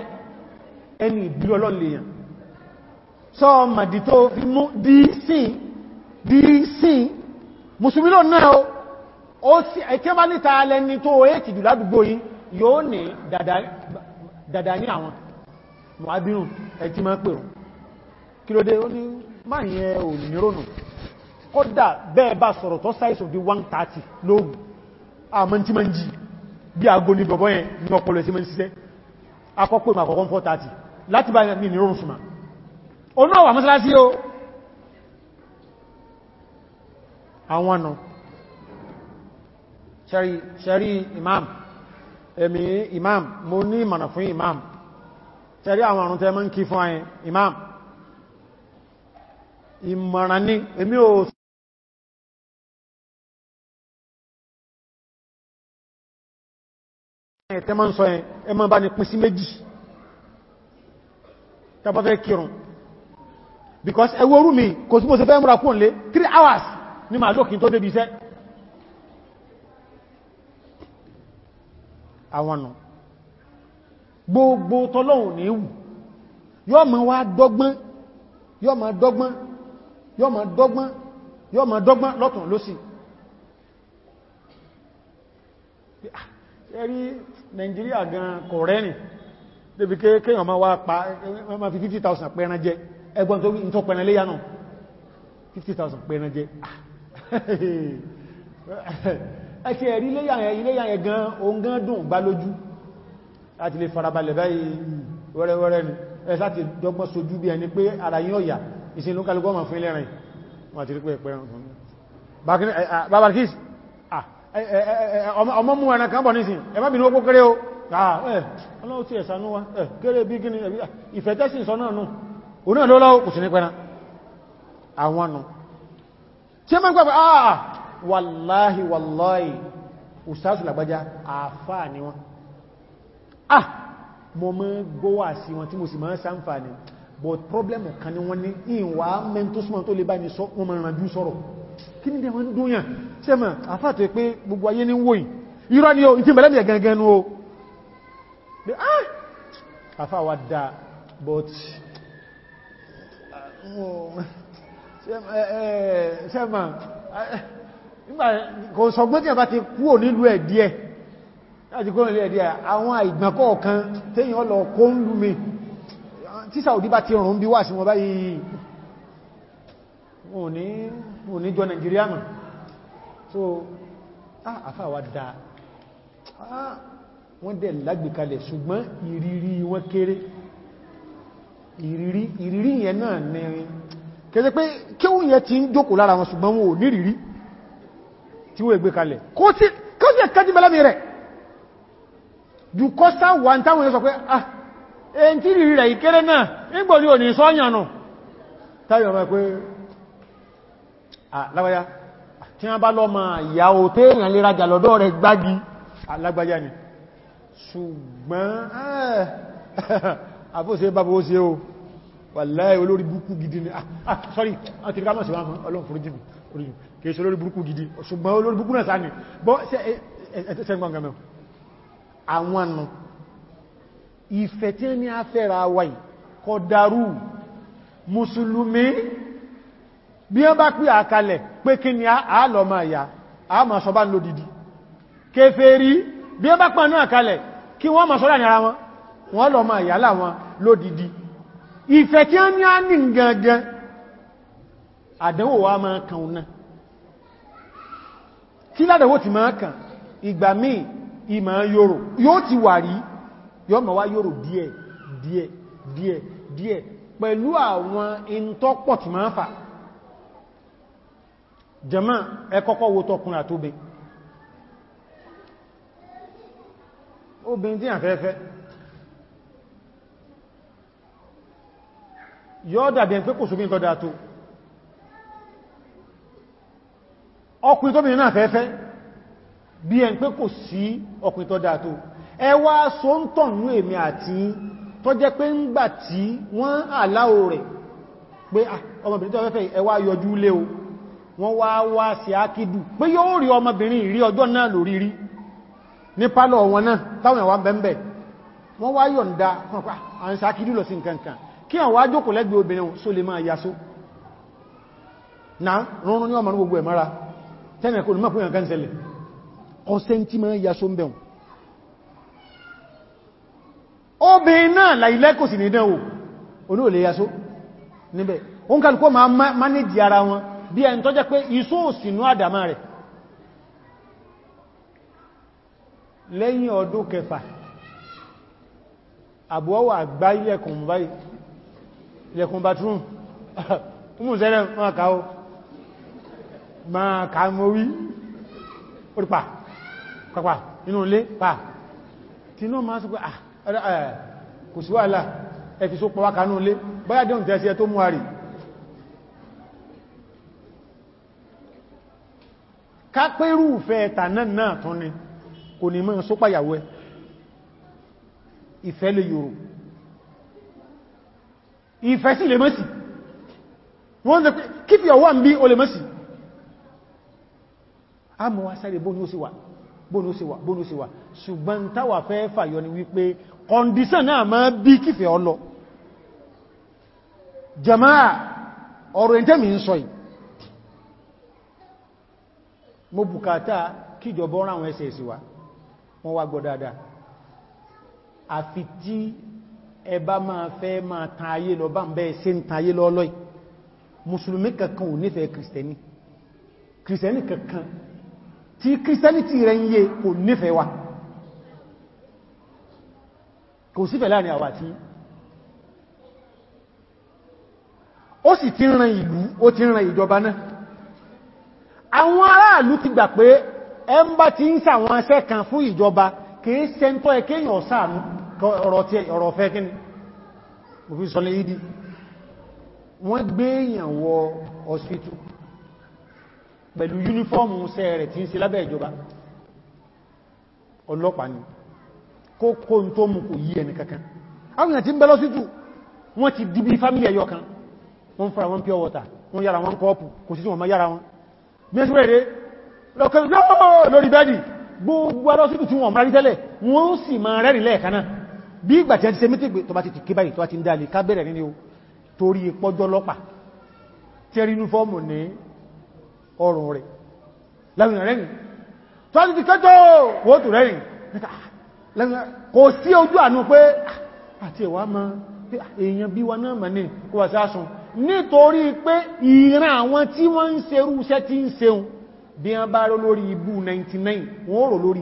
ẹni ìbínú ọlọ́lọ́yàn sọ màdì tó fi mú di sí mùsùlùmí lọ náà ó sí ẹ̀kẹ́ bá níta alẹ́ ní tó èèkì jù ládùgbò yìí yóò ní dàdà ní àwọn mọ̀ábírùn ẹ̀tí máa pèrò kí ló dé ó ní máa yẹn ò ní rónù kódà bẹ́ẹ̀ bá sọ̀rọ̀ tó sáìsò di 130 lóòrùn àmọ́ tí máa ń jí bí aago ní bọ̀bọ́ yẹn ní àwọn nù ṣẹ̀rí imam èmi imam mo ní ìmọ̀nà fún imam ṣẹ̀rí àwọn àrùn tẹ́ mọ́ ń kí fún ayẹ imam ìmọ̀ràn ní èmi ò ẹ̀tẹ́ máa ń sọ ẹ̀ ẹ máa bá ní pín sí méjì tàbátẹ́ kírùn because ẹwọ́ orú mi kò sí mo ṣe fẹ́ múra kúrò lé 3 hours ní màá lókín tó débi iṣẹ́ àwọn nù gbogbo tọ́lọ́hùn ní wù yọ́ ma wá dọ́gbọ́n yọ́ ma dọ́gbọ́n yọ́ ma dọ́gbọ́n yọ́ ma dọ́gbọ́n lọ́tùn lósì ẹ̀rí Nàìjíríà gan kò rẹ́ni débi kéèyàn ma wá pa ma fi 50,000 pẹran jẹ ẹgbọ́n tó pẹran léyà náà 50,000 pẹran jẹ ah ẹ̀kẹ́ ẹ̀rí iléyàyẹ̀ gan oun gan dùn gbá lójú láti lè farabalẹ̀ báyìí wẹ́rẹ́wẹ́rẹ́ ni ẹ̀ láti dọ́gbọ́n sojú bí ẹni pé ara yín ọ̀yà ìsinú kálùgọ́mọ̀ fún ilẹ̀rìn wọ́n ti rí pé ẹ̀pẹ́ ọmọ mú ẹ̀nà kan bọ̀ nísìn ẹmọ́ bínú ó kéré o ọlọ́wọ́ ti ẹ̀sànú wa kéré bí gíní ìfẹ̀tẹ́sìn sọ náà nù òun náà lọ́lọ́wọ́ kò sí ní pẹ́ran àwọn nù tí a máa ń gbàgbà àà ah, wàláhì wàláhì ustaz lágbájá àfáà ni wọ́n ah mo mọ́ gbówà sí wọn tí mo sì máa sáǹfàní but problem kan ni wọ́n ní ìwà mẹ́ntósùmọ́ tó lè bá ní wọ́n máa rànjú sọ́rọ̀ kí ní dẹ̀wọ́n dúnyàn tí a máa àfáà tó pé gbogbo ayé ní wòyìn o ìtí mẹ́lẹ́mì gangan o ah, àfáà sẹ́mà kò sọgbọ́n tí a bá ti kúrò nílùú ẹ̀ díẹ̀ láti kúrò nílùú ẹ̀ díẹ̀ àwọn ìgbàkọ́ kan téyàn lọ kó ń lú mi tí Saudi bá ti rùn bí wà sí wọn báyìí wọn ní jọ Nàìjíríà mọ̀ so àfáwà dáa wọ́n dẹ̀ lágbèkalẹ̀ ṣùgbọ́n ìrírí wọn kéré ìrírí ìrírí yẹn náà nìrin kẹsẹ̀ pé kí ó yẹ ti ń jókòó lára wọn ṣùgbọ́n wọn ò ní rírí tí ó ẹgbẹ́ kalẹ̀ kó sí ẹ̀kẹ́ jìmẹ́lámi rẹ̀ jù kọ́ sáwà táwọn ẹ̀sọ pé ah èyí tí rírí rẹ̀ ìkéré náà nígbò ní òní sọ́yànà táyọ̀ rẹ̀ pé alágbájá ah, tí wọ́n bá lọ ma ìyàwó bàbá ó ṣe o wàláì olórí burúkú gidi ni ah, ah sorry àti ká mọ̀sí wọn ọlọ́run foríjì mi kìí ṣe olórí burúkú gidi ṣùgbọ́n olórí burúkú náà sáàni bọ́ ṣe ń gbọ́n gẹ́mẹ́ àwọn nù ìfẹ́ tí a fẹ́ra wáyì kọ darú mùsùlùmí bí wọ́n bá pí a lọ máa yà a máa sọ bá ń lò dìdí kèfèrí bí wọn lódìdí ìfẹ́ tí a ní a ní gangan àdánwò wa máa kan ọ̀nà tí ládàwò ti máa kàn ìgbà míì ìmọ̀ yòrò yóò ti wà rí yóò wá yòrò díẹ̀ díẹ̀ díẹ̀ díẹ̀ pẹ̀lú àwọn ìntọ́pọ̀ ti máa fà jẹ́mọ́ ẹkọ́kọ́ wo tọkùnrin O obìnrin tí àfẹ́fẹ́ yóò dàbí pé kò sóbí tọ́dá tó ọkùnrin tó bìnrin náà fẹ́fẹ́ bí ẹn pé kò sí ọkùnrin tọ́dá tó ẹwà so ń tọ̀nú èmi àti tó jẹ́ pé ń gbà tí wọ́n àláò rẹ̀ pé ah, ọmọbìnrin tó fẹ́fẹ́ ẹwà yọjú lé o wọ́n wá wá sí ákídù pé yóò rí ọmọbìnrin rí ọjọ́ náà lórí rí ní pálọ̀ wọn náà táwọn ẹ̀wà bẹ́m̀bẹ̀ wọ́n wá yọ̀ǹda àwọn sákídù ah, lọ sí nǹkan kan kí àwọn ajókò lẹ́gbẹ̀ẹ́ obìnrin só lè máa yasó na rọrùn ní ọmọ ní gbogbo ẹ̀mára tẹ́nà kò ní mọ́ pínyàn ya ọsẹ́ tí máa yasó ń bẹ̀rùn obìnrin náà láìlẹ́ kò sì ma lẹ́yìn ọdún kẹfà àbúwọ́wà àgbáyẹ̀kùn báyìí ilẹ̀kùn bathroom mú sẹ́lẹ̀ máa ká ó máa ká mọ́ wí orípa pàpà inú ilé pa tí náà máa sọpọ̀ kò sí wàhálà ẹ̀fì só pọ̀wá kanú ilé báyá dẹ̀un tẹ́sí ẹ tó mú àrí kápẹ́rù fẹ́ tànà náà tán ni kò ní mọ́ sópàyàwó ẹ ìfẹ́ lè yòrò ìfẹ́ sí lè mọ́sí wọ́n zẹ keep your one bí o lè mọ́sí a mọ́ wá sáré bónú sí wà bónú sí wà bónú sí wà ṣùgbọ́n táwà fẹ́ fàyọ ni wípé kọndíṣàn náà máa bí kífẹ́ ọlọ jama'a ọ̀rọ̀ mi ń sọ yìí mo bùkátà kíjọba ọ̀rọ̀ àwọn ẹsẹ̀ ìsìwà wọ́n wá gbọ́ dáadáa àfi tí ẹba máa fẹ́ máa tan ayé lọ bá ń bẹ́ẹ̀ sí ń tan ayé lọ́lọ́ ì mùsùlùmí kankan ò nífẹ̀ẹ́ kìrìsìtẹ́nì kìrìsìtẹ́nì kankan tí kìrìsìtẹ́nìtì rẹ̀ ń yé kò nífẹ̀ẹ́ wa kò sífẹ̀ láàrin àwa tí ó sì ti ran ìlú ó ti ran ìjọba náà àwọn aráàlú ti gbà pé ẹ ti ń sàwọn aṣẹ́ kan fún ìjọba kìí sẹ́ntọ́ ẹkéyàn ọ̀sáàrùn ọ̀rọ̀ fẹ́ kí ni mo fi sọlé ìdí wọ́n gbé èèyàn wọ hospital pẹ̀lú yúnífọ́ọ̀mù sẹ́ rẹ̀ tí ń ṣe lábẹ́ ìjọba ọlọ́pàá ni kó kó tó mú kò yí ẹni kankan àwọn èèyàn ń bẹ lọ́sítù wọ́n ti dìbí fámílì ẹyọ kan wọ́n fara wọn pure water wọ́n yára wọn kọ́ọ̀pù kò sí wọn má yára wọn mẹ́sùrẹ̀rẹ́ lọ́kẹ́ lórí bẹ́ẹ̀dì gbogbo alọ́sítù tí wọ́n mara rí tẹ́lẹ̀ wọ́n sì máa rẹ́rìn lẹ́ẹ̀kanáà bí ìgbà tí a ti ṣe mítìgbì tó bá ti kí báyìí tó bá ti ń dáàlì ká bẹ̀rẹ̀ nínú torí pọ́jọ́ lọ́pàá tí ẹrí inú fọ́ọ̀mù ní ọrùn rẹ̀ lẹ́yìn rẹ̀yìn tó ti kẹ́tọ́ wóòtù rẹ̀yìn kò sí ojú àánú pé ah, àti ẹ̀wà ma ah, èèyàn bí wa náà mà ní kó wà sáàsùn 99 wọ́n rò lórí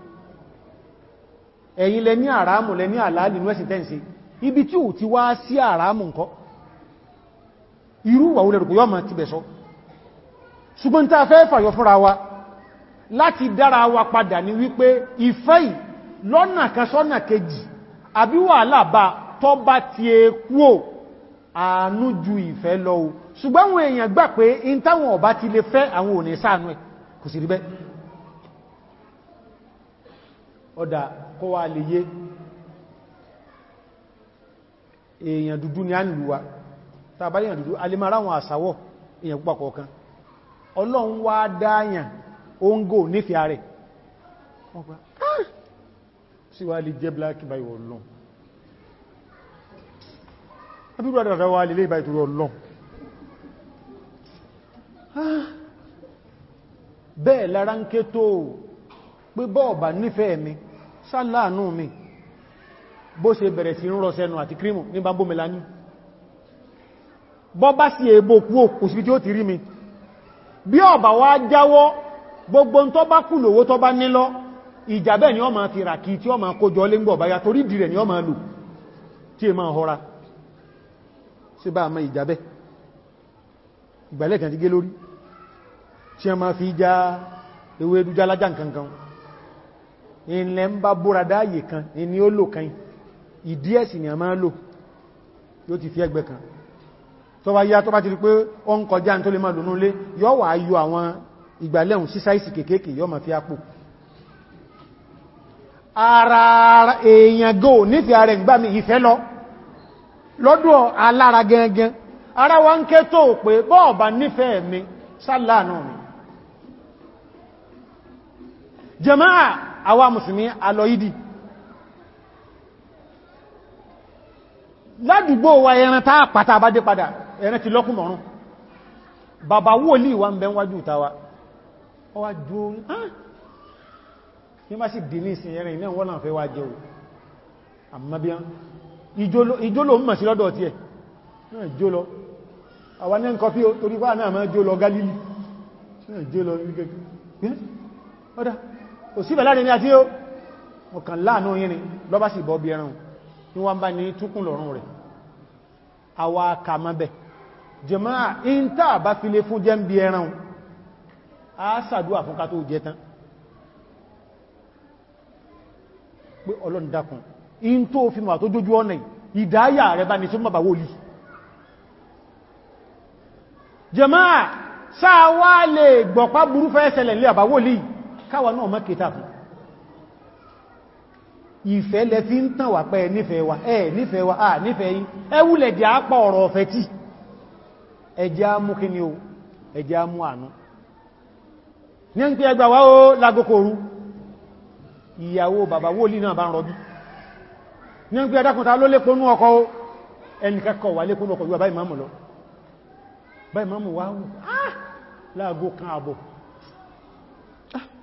Eyi lẹ ní àràmù lẹ ní àlàálì ní ibi tí ò ti wá sí àràmù nkọ irú wà ó lẹ́rùkú ma ti bẹ̀ṣọ́ ṣùgbọ́n tá fẹ́ fúnra wa láti dára wa padà ní wípé ìfẹ́ lọ́nà kan sọ́nà kejì àbí wàhálà bá tọ́ bá e ju ìfẹ́ lọ ṣùgbọ́n kó wá lè yé èèyàn dúdú ni a ń lùwà tàbí èèyàn dúdú alimara wọn àsàwọ̀ èèyàn púpà kọ̀ọ̀kan ọlọ́run wá dáyàn oúngò nífẹ̀ẹ́ rẹ̀ wọ́n pa ah! sí wá lè jẹ́ bláàkì báyìí ọlọ́run abúrú àdàdà wá lè lè ọlọ́run ah! bẹ́ẹ̀ lára ń ké tó pé bọ́ọ̀bà nífẹ̀ẹ́ mi sáláàánú mi bó ṣe bẹ̀rẹ̀ sí ń rọ sẹ́nu àti krímù ní bambó melani bọ́ bá sí èbò kú òkú sí tí ó ti rí mi bí ọ̀bà wá jáwọ́ gbogbo tó bá kù lówó tó bá nílọ ìjàbẹ́ ni ọ ma fi rà kí tí ọ ma kójọ lé ń báyá torí dìrẹ̀ ni ọ ma lò tí è máa họra sí bá ma ìjàbẹ́ ìgbàlẹ̀ kan ti gé lórí tí a ma fi já ewé ẹdújá lájá nkankan ilẹ̀ ń bá búra dáyè kan ni ó lò kan ìdí ẹ̀sì ni a máa lò yóò ti fi ẹgbẹ́ kan tó bá yá tó bá ti rí pé ó ń kọjá tó lè máa lò núlé yóò wà yọ àwọn ìgbàlẹ́hùn sísáìsì kéèkéèkè yóò máa fi àpò ara èèyàn gò nífẹ̀ẹ́ ara ìgbà mi ìfẹ́ lọ lọ́dún alára gẹngẹn ara wa ń ké tó pé bọ́ọ̀bà nífẹ̀ẹ́ mi sáláà náà ni jàmáà awa mùsùlùmí alọ́ìdì ládùgbò wa ẹran táà pàtà bá dé padà ẹran ti lọ́kùn mọ̀rún bàbá wòlíì wa ń bẹ wájú ìtawa ọwá dúó ní má sì dì ní ìsìn ẹran ilẹ̀ wọ́n náà fẹ́ wá jẹ́ àmàbíyàn ìjólò ń mọ̀ sí lọ́dọ̀ tí ẹ̀ náà jólọ Galili náà kò sí ìbẹ̀láàrin ní àti ó ọkàn láàánú yìnrin lọ́bá sì bọ́ bí ẹran ní wọ́n bá ní túnkùn lọ́rùn rẹ̀ àwa kà mọ́ bẹ̀ jàmáà ìntà bá fi lè fún jẹ́ ń bí ẹran a sàdúwà fún ká tó jẹ tán pé ọlọ́run sáà wá lè gbọ̀pá burúfẹ́ ẹsẹ̀lẹ̀ lè àbáwólì káwà náà má kìtà ìfẹ́ lẹ fi ń tàn wà pẹ́ wa ẹ wa à nífẹ́ jẹ́ àpá ọ̀rọ̀ ọ̀fẹ́ tí ẹjẹ́ ni o ẹjẹ́ amú àánú ní ń pẹ́ ẹgbà wá ó lágókòrú ìyàwó bàbá wólí náà bá ń rọbí ní ń pẹ́ ẹdákùnta ló léponú ọkọ̀ ó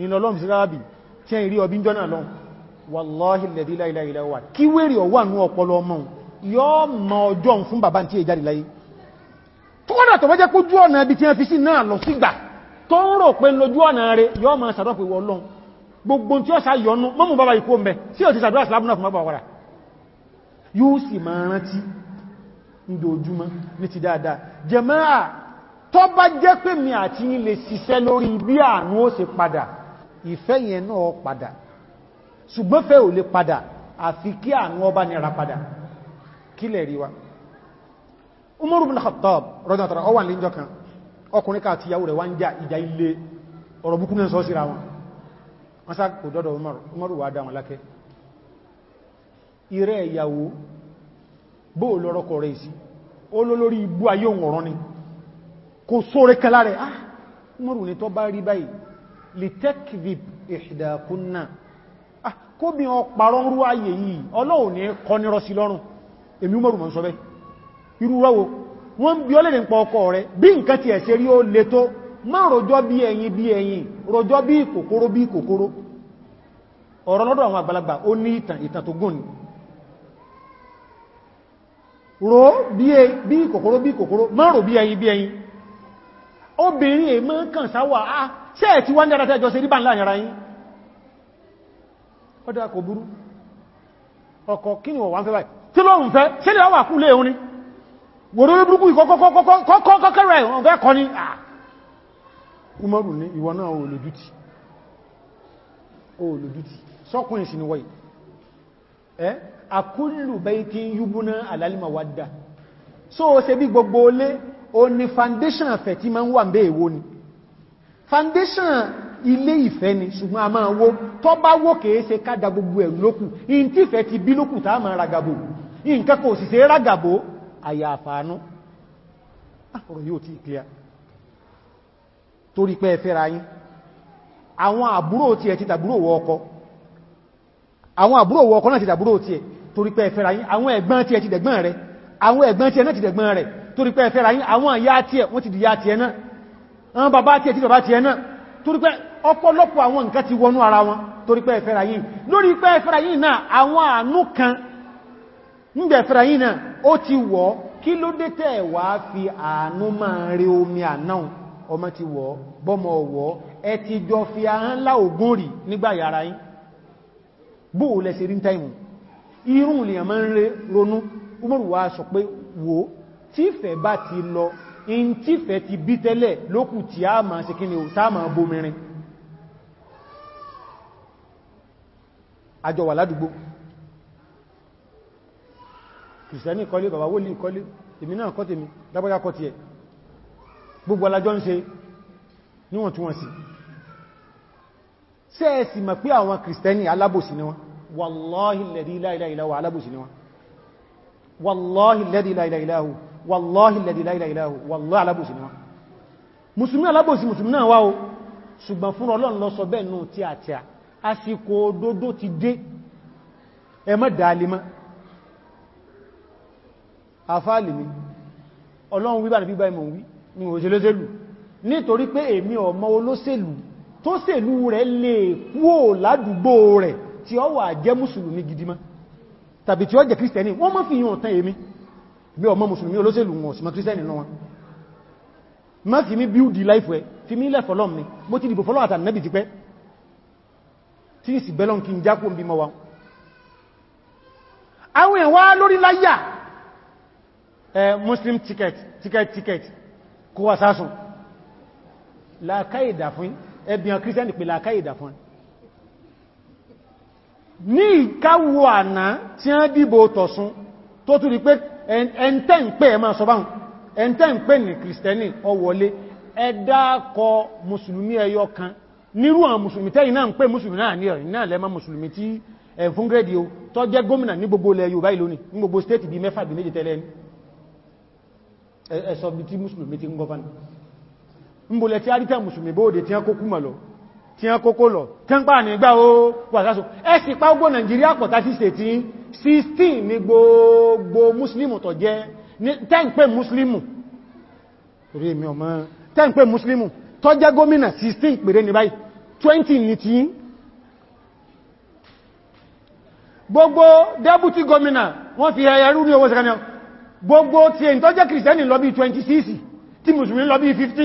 nínú ọlọ́run sí rábì tí ẹ rí ọbí jọ́nà lọ wàláhì lẹ́dí láìláìláwà kí wèrè ọwà ní ọpọlọ ọmọ yóò ma ọjọ́ fún bàbá tí è jáde láyé tó kọ́nà tó wájẹ́ pójú ọ̀nà ibi tí ẹ fi sí náà lọ sígbà tó ń rò pé lójú ọ̀nà rẹ yóò ma gbogbo tí ó mọ́mù bàbá ikú sí ò ti ìfẹ́ yẹn náà padà ṣùgbọ́n fẹ́ ò lè padà àfi kí àwọn ọba nira padà kí lẹ̀ rí wa Umar ibn Khattab rọ́dọ̀tọ̀rọ̀ ọwà ní ìjọ kan ọkùnrin ká àti ìyàwó rẹ̀ wá ń já ìjà ilé ọ̀rọ̀ búkú náà sọ síra wọn wọ́n sá kò dọ́dọ̀ Umar ni kò sóre lè tẹ́kìdì ìṣìdàkúnnà kóbi wọn parọ́ ń rú ayè yìí ọlọ́wọ̀ ní kọ ní rọsí lọ́rùn èmi mọ́rù mọ́ sọ́bẹ́ irú rọ́wọ́ wọ́n bí ọlẹ́dẹ̀ ń pa ọkọ rẹ̀ bí nǹkan ti ẹ̀ṣẹ́ rí ó lè tó má rọjọ́ bí ẹyin bí ẹyin rọjọ́ bí kòkòrò bí kòkòrò ọ̀rọ̀ lọ́dọ̀ àwọn àgbàlagbà ó ní ìtàn ìtàn tó gùn ro e, bí kòkòrò bí kòkòrò má rò bí ẹyin bí ẹyin obìnrin èmọ́ kàn sáwà á ṣe ẹ̀ tí wọ́n dára tẹ́jọ́ sí ríbà ńlá yàrá yìí ọdá kò burú ọkọ̀ kí ni wọ̀n fẹ́ báyìí tí ló ń fẹ́ ṣe lè wà kú lé ni wòrò ló ní o ni foundation afẹ́ tí ma ń wà mẹ́ èwo ni foundation ilé ìfẹ́ ni ṣùgbọ́n a máa wó tọ́ bá wó kèése kádà gbogbo ẹ̀ lókù in tí ìfẹ́ ti bí lókù tàà máa ragabo nǹkan kò sì ṣe ragabo àyà àfàánú ah, ọ̀rọ̀ yóò ti clear torí pé ẹ fẹ́ra yín àwọn àbúrò tí ẹ ti tàbúrò wọ ọkọ àwọn àbúrò wọ ọkọ náà ti tàbúrò tí ẹ torí pé ẹ fẹ́ra torí pé ẹ̀fẹ́ ráyín àwọn ìyá àti ẹ̀ wọ́n ti di ìyá àti ẹ̀ náà àwọn bàbá àti ẹ̀ tí bàbá àti ẹ̀ náà torí pé ọ̀pọ̀lọpọ̀ àwọn nǹkan ti wọnú ara wọn torí pé ẹ̀fẹ́ ráyín lórí pé ẹ̀fẹ́ ráyín náà àwọn àánú kan nígbẹ̀ ẹ̀fẹ́ ráyín náà ó ti wọ́ kí ló dé tẹ́ wá fi àánú máa rí omi ànáhùn ọmọ umaru wa sọ pé wòó tífẹ̀ bá ti lọ in tífẹ̀ ti bí tẹ́lẹ̀ lókù tí a máa ṣe kí ni ò tá máa bomirin àjọ wà ládùgbò kìrìsìtẹ́nì kọlé bàbá wólì kọlé èmi náà kọ́ tèmi lágbàjá kọ́ ti ẹ̀ gbogbo alájọ́ ń ṣe níwọ̀ntúnwọ̀nsì sẹ́ẹ̀sì mọ̀ pé àwọn kìrìsìtẹ́nì alábòsí ni wọ́n wallahi lẹ́dí láìláìláwà alábòsí ni wọ́n wallahi lẹ́dí láìláìláwà wàlláhì lẹ́dì láìláìláhù wàlláhì alábòsí ni wọ́n musulmi alábòsí musulmi náà wá o ṣùgbọ́n fún ọlọ́run lọ sọ bẹ́ẹ̀ náà tí a tí a àsìkò òdodo ti dé ẹmọ́ dàálímá àfáàlìmí ọlọ́run wíbà ní bíbá ìmọ̀ wí ní òṣèlóṣèlú nítorí pé èmi ọmọ olóṣèlú tó ṣèlú rẹ̀ lè kúò ládùúgbò rẹ̀ tí ó wà jẹ́ mùsùlùmí gidimá tàbí tí ó jẹ́ kìrìsìtẹ́nì wọ́n mọ́ fi yàn tán èmi bí ọmọ mùsùlùmí olóṣèlú wọn símọ̀ kírísẹ́nì náà má fi mí bíúdì láìfẹ́ fi mí lẹ́fọ́ ni mo ti dìbò fọ́lọ́ àtà nẹ́bì ti pẹ́ tí ìsì bẹ́lọ́n kí n jákó ń bí mọ́ wa àwọn èèyàn lórí láyà muslim ticket ticket ticket kó wà sásùn làkáìdà fún ẹbìyàn kírísẹ́nì pé làkáìdà fún ní ìkáwò àná tí wọ́n dìbò tọ̀sún tó tún rí pé ẹ̀ntẹ́ ń pè ẹ̀mà sọ́báhùn ẹ̀ntẹ́ ń pè ní kìrìsìtẹ́nì ọwọlé ẹ̀dàkọ mùsùlùmí ẹyọ kan nírú àwọn mùsùlùmí tẹ́yìn náà ń pè mùsùlùmí náà ní ọ̀rìn náà lẹ́mọ́ mùsùlùmí tí ẹ̀fún gírẹ́dì o tó jẹ́ gómìnà ní gbogbo ilẹ̀ Yorùbá ìlú ní gbogbo stéètì bíi mẹ́fà bíi méje tẹ́lẹ̀ ní ẹ̀sọ́ bíi tí mùsùlùmí ti ń gọ́fánà ń 16 ni gbogbo muslimu tó jẹ́ tẹ́ǹpẹ́ muslimu orí èmi ọmọ tẹ́ǹpẹ́ muslimu tó jẹ́ gómìnà 16 pèrè ní báyìí 20 ní tí gbogbo deputy gómìnà wọ́n fi ẹ̀yẹrú ní owó sẹ́kànnà gbogbo tí èyí tó jẹ́ kìrìsìtẹ́nì lọ bí 26 tí musulmi lọ bí 15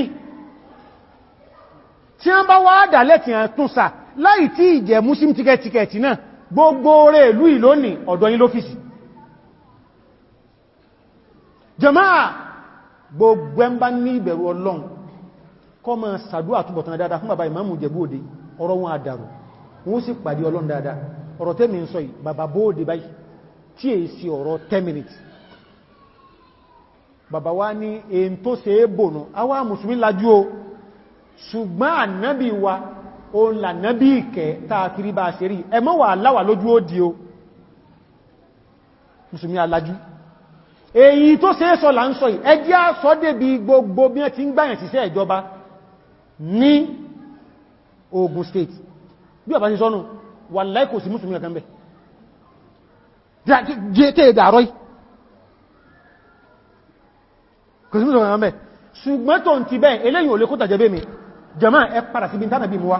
tí wọ́n bá wá dà lẹ́tì àtúnsà láì tí ìjẹ muslim tíkẹ̀tíkẹ̀tì náà gbogbo rẹ̀ ìlú ìlónìí ọ̀dọ̀ yín lọ́fíìsì jàmáà gbogbo ẹmbá ní ìbẹ̀rù ọlọ́run kọ́ ma sàdú àtúbọ̀tán dáadáa fún bàbá ìmáàmù jẹ̀bú òde ọ̀rọ̀ wọn àdàrù wọ́n sì pàdé ọlọ́run dáadáa minutes bàbá wá ní èyí tó se é bònú àwa mùsùlùmí wa òun lànà bí ìkẹ́ tààfiri bá ṣe rí ẹmọ́ wà láwà lójú ó di o musulmi alájú èyí tó ṣe é sọ là ń sọ yìí ẹjẹ́ àsọ́dẹ̀ bí gbogbo bí ẹ ti ń gbáyàn síṣẹ́ ìjọba ní Ogun State bí ọ̀bá ti sọ́nù wà láìkò sí musulmi kankan ṣùgbọ́n tó ń ti bẹ́ẹ̀ eléyìn ò kó tàjẹ́ mi jẹ́mọ́ ẹ padà sí bí tánàbí mú wa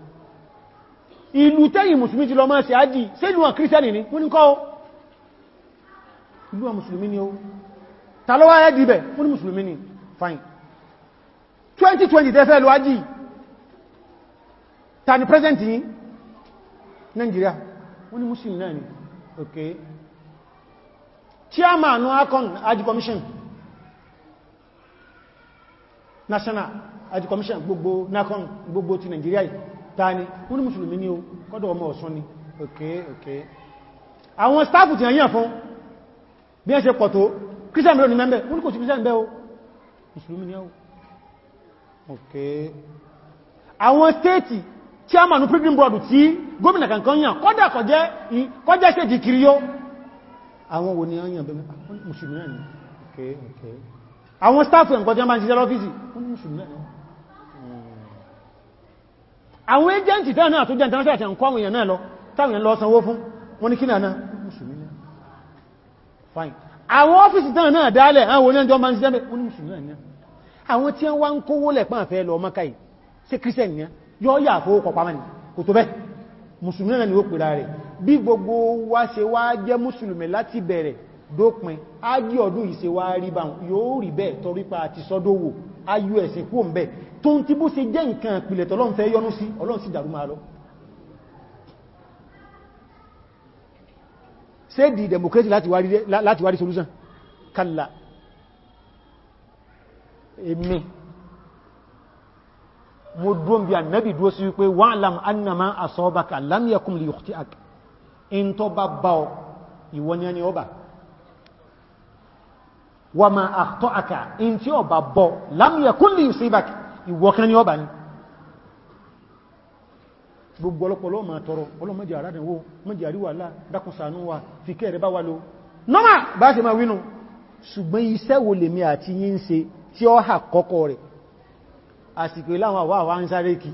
ìlú tẹ́yìn musulmi ti lọ máa ṣe ájì sí ìlú àwọn kírísẹ́nì ni wọ́n ni kọ́ ìlú àwọn musulmi ni ó tàlọ́wà ẹ́ dìbẹ̀ wọ́n ni musulmi ni fine 2020 tẹ́fẹ́ lọ ájì ta ni president yìí Nigeria chairman akon ájì commission national ájì commission gbogbo nakon gbogbo ti Nigeria yìí tani wọ́n ní mùsùlùmí ní o kọ́dọ̀ ọmọ ọ̀sán ni òkè òkè àwọn stáàfù ti àyíyàn fún bí ẹ́ ṣe pọ̀ tó christian bẹ̀rẹ̀ ní mẹ́mẹ́ wọ́n ní kò sí christian bẹ́ o mùsùlùmí ní o òkè àwọn stéètì tí a mànú prison board tí gómìnà kankan yàn kọ́dà kọjẹ́ stéètì kiri yó àwọn wo ni a yàn bẹ́mẹ́ mùsùlùmí náà ni òkè òkè àwọn stáàfù ẹ̀ǹkọ́jẹ́ máa ń ṣiṣẹ́ lọ́fíìsì wọ́n ní mùsùlùmí náà àwọn ẹjẹ́ntì tẹ́ náà tó jẹ́ ìtànáṣẹ́ àti ǹkọ́ àwọn èèyàn náà lọ táwọn èèyàn lọ sanwó fún wọn ní kínà náà mùsùlùmí náà fine àwọn ọ́fíìsì tẹ́ náà dálẹ̀ àwọn oníjọ́ máa ń ṣiṣẹ́ bẹ́ẹ̀ ní mùsùlùmí náà àwọn tí wọ́n ń kówó lẹ̀ pán àfẹ́ lọ mọ́ká yìí sí kírísẹ̀n ní yọ́ yà fowó kọpa mẹ́ni kò tó bẹ́ mùsùlùmí náà ni ó pèrà rẹ̀ bí gbogbo wa ṣe ayú ẹ̀sìn kú ọ̀mbẹ̀ tó ń tí bó ṣe jẹ́ nǹkan ìpìlẹ̀ tọ́lọ́n fẹ́ yọnú sí ọlọ́n sì dàrú máa lọ ṣe di democracy láti wárí solution kalla èmi mo dúró bí annabi dúró sí wípé wa'lam annama asabaka lam yakun li yukhti'ak in tó bá bá ọ ìwọ ni wa ma akhta'aka in tí ọba bọ́ lam yakun li yusibak ìwọ̀kan ni ọba ni gbogbo ọlọ́pọ̀lọ́ ma tọrọ ọlọ́mọdé àrádẹ̀wó mọ́dé àríwàlá dákùnsànú wa fi kẹ́ẹ̀rẹ́ bá wà ló nọ́mà bá ṣe ma wínú ṣùgbọ́n iṣẹ́ wo lè mi àti yí ń ṣe tí ó hà kọ́kọ́ rẹ̀ àsìkò ìláwọn àwọ́ àwọn sáré kí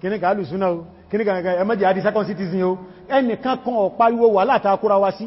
kíníkà alùsúná o kíníkà ẹmọ́dé àdí second citizen o ẹnìkan kan ọ̀pariwo wà látàkúra sí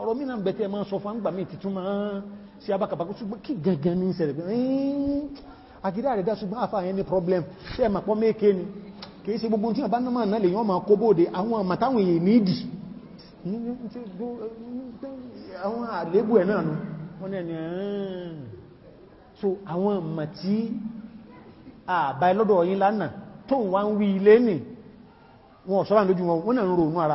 ọ̀rọ̀ mí náà bẹ̀tẹ̀ máa sọ fún àgbà mí títún máa sí abákàbákú ṣùgbọ́n kí gangan ní ìṣẹ̀lẹ̀ agídá rẹ̀ dá àfà yẹn ní problem ṣe ẹ̀mà pọ́ méèké ni kìí ṣe gbogbo tí àbá náà náà lè yán máa kóbóde àwọn àwọn àmà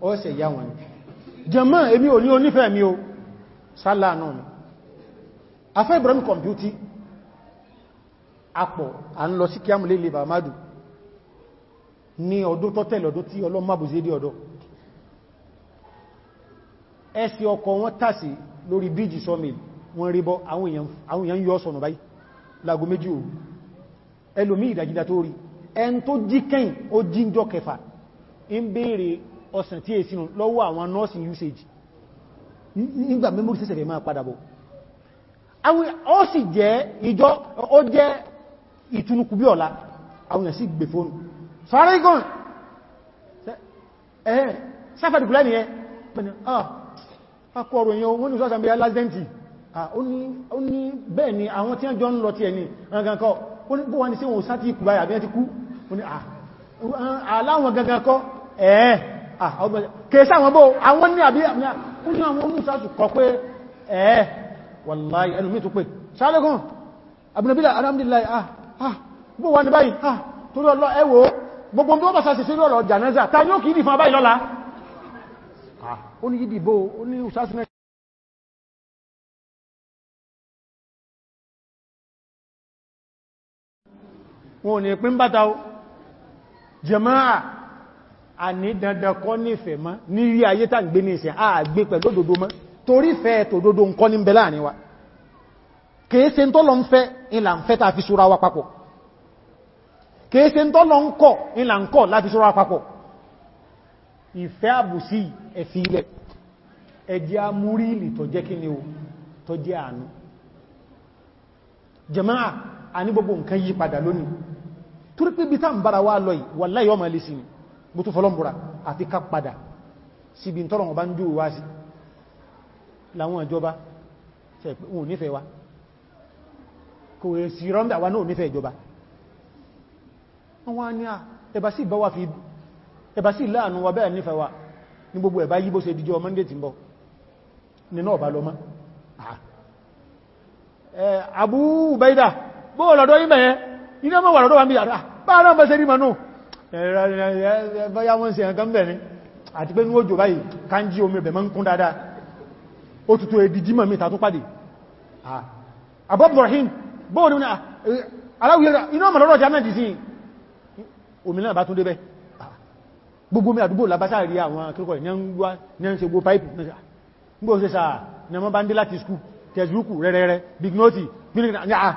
ó ṣe yá wọn jẹmọ́ èmi ò ní onífẹ́ mi o sálà náà mi afẹ́ Ibrahim kọmpútí apọ̀ à ń lọ sí kí ámúlé ilé bàmádù ní ọdún tọ́tẹ̀lẹ̀ ọdún tí ọlọ́màbùzé dé ọdọ́ ẹsẹ̀ ọkọ̀ wọn tàṣì lórí bíjì sọmìl wọn rí bọ́ àwọn èèyàn yọ sọ̀nà báyìí lágo méjì òru ẹlòmí ìdàjídà tó rí ẹn tó jí kẹ́yìn ó jíjọ kẹfà ń béèrè ọ̀sán tí èsì lọ́wọ́ àwọn nursing usage nígbà memory sẹ́sẹ̀fẹ̀ máa padà bọ̀ ó sì jẹ́ ìjọ ó jẹ́ ìtunukú bí ọ̀la àwọn èsì gbè fóònù sọ́rọ̀ igun ẹ̀ẹ́ sáfàdìkúlẹ́ ni ẹ pẹ̀lú àkọ́ ọ̀rọ̀ èèyàn wọ́n ni sọ́sàn bí alásdẹ́ntì ó ní bẹ́ẹ̀ ni àwọn tí wọ́n jọ ń lọ tí ẹni rangankọ́ ó ní bó wọ́n ni sí wọn sátí ìkùbáyà bí wọ́n ti kú aláwọn gangankọ́ ẹ̀ẹ́ Ah, kèsà àwọn bó àwọn ní àbí àwọn àwọn oníṣàtù kọ pé ẹ̀ẹ́ wàláyé ẹnu mi tó pé sálẹ́gùn abúnabílà alhamdulillah ah, ah bó wà ní báyìí ah torí ọlọ́ ẹwọ́ gbogbo bí wọ́n bá sàṣẹ̀ sílú ọ̀rọ̀ jànáza ta ní ó kìí dìfún abáyìí lọ́la ah, ó ní yìí dìbò ó ní ìṣàṣù wọn ò ní pín bátá jẹmáà a ní dandan kọ́ nífẹ̀ mọ́ ní rí ayé tàà gbé ní ìsìn àgbé pẹ̀lú òdòdó mọ́ torí fẹ́ tòdòdó ń kọ́ ní bẹ láàrin wa kèése ń tọ́lọ ń fẹ́ ìlà ń fẹ́ tàà fi súra wa papọ̀ kèése ń tọ́lọ ń kọ́ ìlà ń kọ́ láti súra wa papọ̀ ìfẹ́ àbùsí ẹ̀fì ilẹ̀ ẹjẹ́ amúrílì tó jẹ́ kíni o tó jẹ́ àánú bó tó fọlọ́mbùra àti ká padà síbi tọ́lọ̀wọ̀n bá ń jú wá sí láwọn ìjọba wọn ò nífẹ̀ẹ́ wa kò rẹ̀ sí rọ́mbà wa náà nífẹ̀ẹ́ ìjọba wọ́n ní à ẹbà sí ìbáwà fi ẹbà sí láàánú wa bẹ́ẹ̀ nífẹ̀ẹ́ wa ní gbogbo ẹ̀bá yíbó se díjọ monday tí ń bọ̀ nínú ọ̀bá lọ Abu Ubaida bóò lọ́dọ́ yí mẹ́yẹn iná mọ́ wà lọ́dọ́ wa ń bí àrá bá náà mọ́ sí mọ́ náà bọ́yá wọ́n ṣe ẹ̀kan bẹ̀ ní àti pé ní òjò báyìí kánjí omi ẹ̀bẹ̀ mọ́ ń kún dáadáa ó tutù èdì jímọ̀ mi tàtún pàdé àbọ́bùrọ̀hìn bọ́ọ̀nù aláwìyẹ́rà iná ọmọ lọ́rọ̀ jámẹ́dì sí omi náà bá tún débẹ̀ gbogbo mi àdúgbò labásáàrí àwọn akẹ́kọ̀ọ́ ìyẹn ń ṣe gbó páìpù gbó ṣe sáà ní ọmọ bá ń dé láti big noti gbínlẹ̀ àà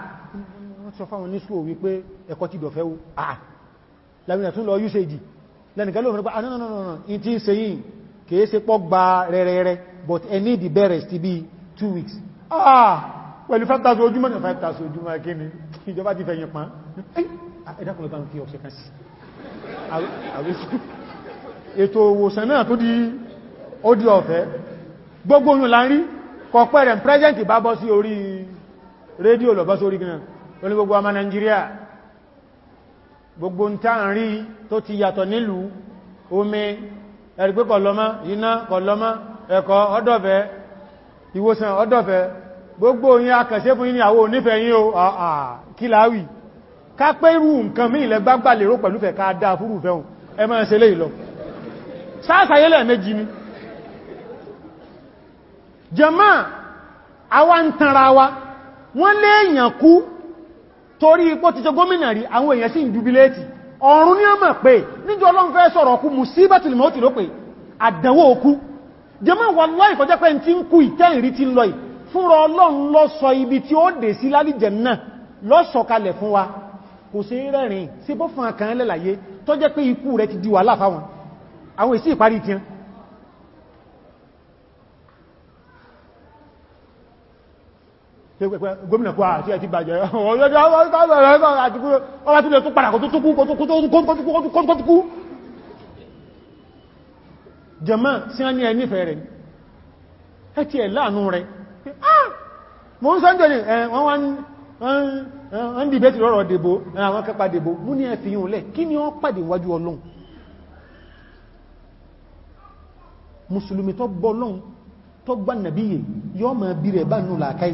wọ́n sọ fáwọn ní skú wípé ẹ̀kọ́ ti dọ̀fẹ́ lámìnà tún lọ usage lẹ́nìkan lóòfin pa ah, no in ti ṣe yìí kìí ṣe pọ́ gba rẹ̀rẹ̀rẹ̀ but I need the barest to be two weeks ah pẹ̀lú 5,000 ojúmọ́ ní 5,000 ojúmọ́ kí ni ìjọba ti fẹ̀yìn pa ẹ̀dàkùnlọ́gbà ń fi ọ̀ṣẹ́ kan sí ètò òwòsàn náà tó di ọdí ọ̀fẹ́ gbogbo oyún láàrin kọ̀pẹ̀rẹ̀ present bá bọ́ sí orí rédíò lọ bọ́ sórí gan olúgbogbo ọmọ Nàìjíríà gbogbo ń nri rí tó ti yàtọ̀ nílùú omi ẹ̀rìgbé kọlọmá iná kọlọmá ẹ̀kọ́ ọdọ̀fẹ́ ìwòsàn gbogbo yin akẹ̀ṣẹ́ fún ni onífẹ́ o kíláwì ká pé irú nǹkan mí ilẹ̀ gbágbà lérò pẹ̀lú fẹ̀ ká dáa fúrù fẹ́hùn ni torí ipò ti jẹ gómìnà rí àwọn èèyàn sí ìdúbíléètì ọ̀run ní ọmọ pé níjọ ọlọ́run fẹ́ sọ̀rọ̀ ọkú musibatul mauti ló pé àdánwò okú jẹmọ́ wallahi kọjá pé tí ń kú ìtẹ́ ìrí ti lọ fúnra ọlọ́run lọ sọ ibi tí ó dé sí lálìjẹ̀ náà lọ́sọ̀kalẹ̀ fún gómìnà kó àti ẹ̀tí bàjẹ́ ọ̀rọ̀ tí lè tó padà kò tó túkú kò tó túkú jẹ̀mọ́ sí á ní ẹni fẹ́ rẹ̀ ẹ ti ẹ̀ láàánú rẹ̀ mọ́ ń sọ́njẹ́ ni wọ́n dìbẹ́ ti rọrọ̀ dèbò àwọn kẹpa dèbò mú ní ẹ̀fì yìí lẹ̀ kí ni ó pàdé wájú ọlọ́run mùsùlùmí tó gbọ́ ọlọ́run tó gbá nàbíyè yọ́ mọ̀ bí rẹ̀ bá nù làákàí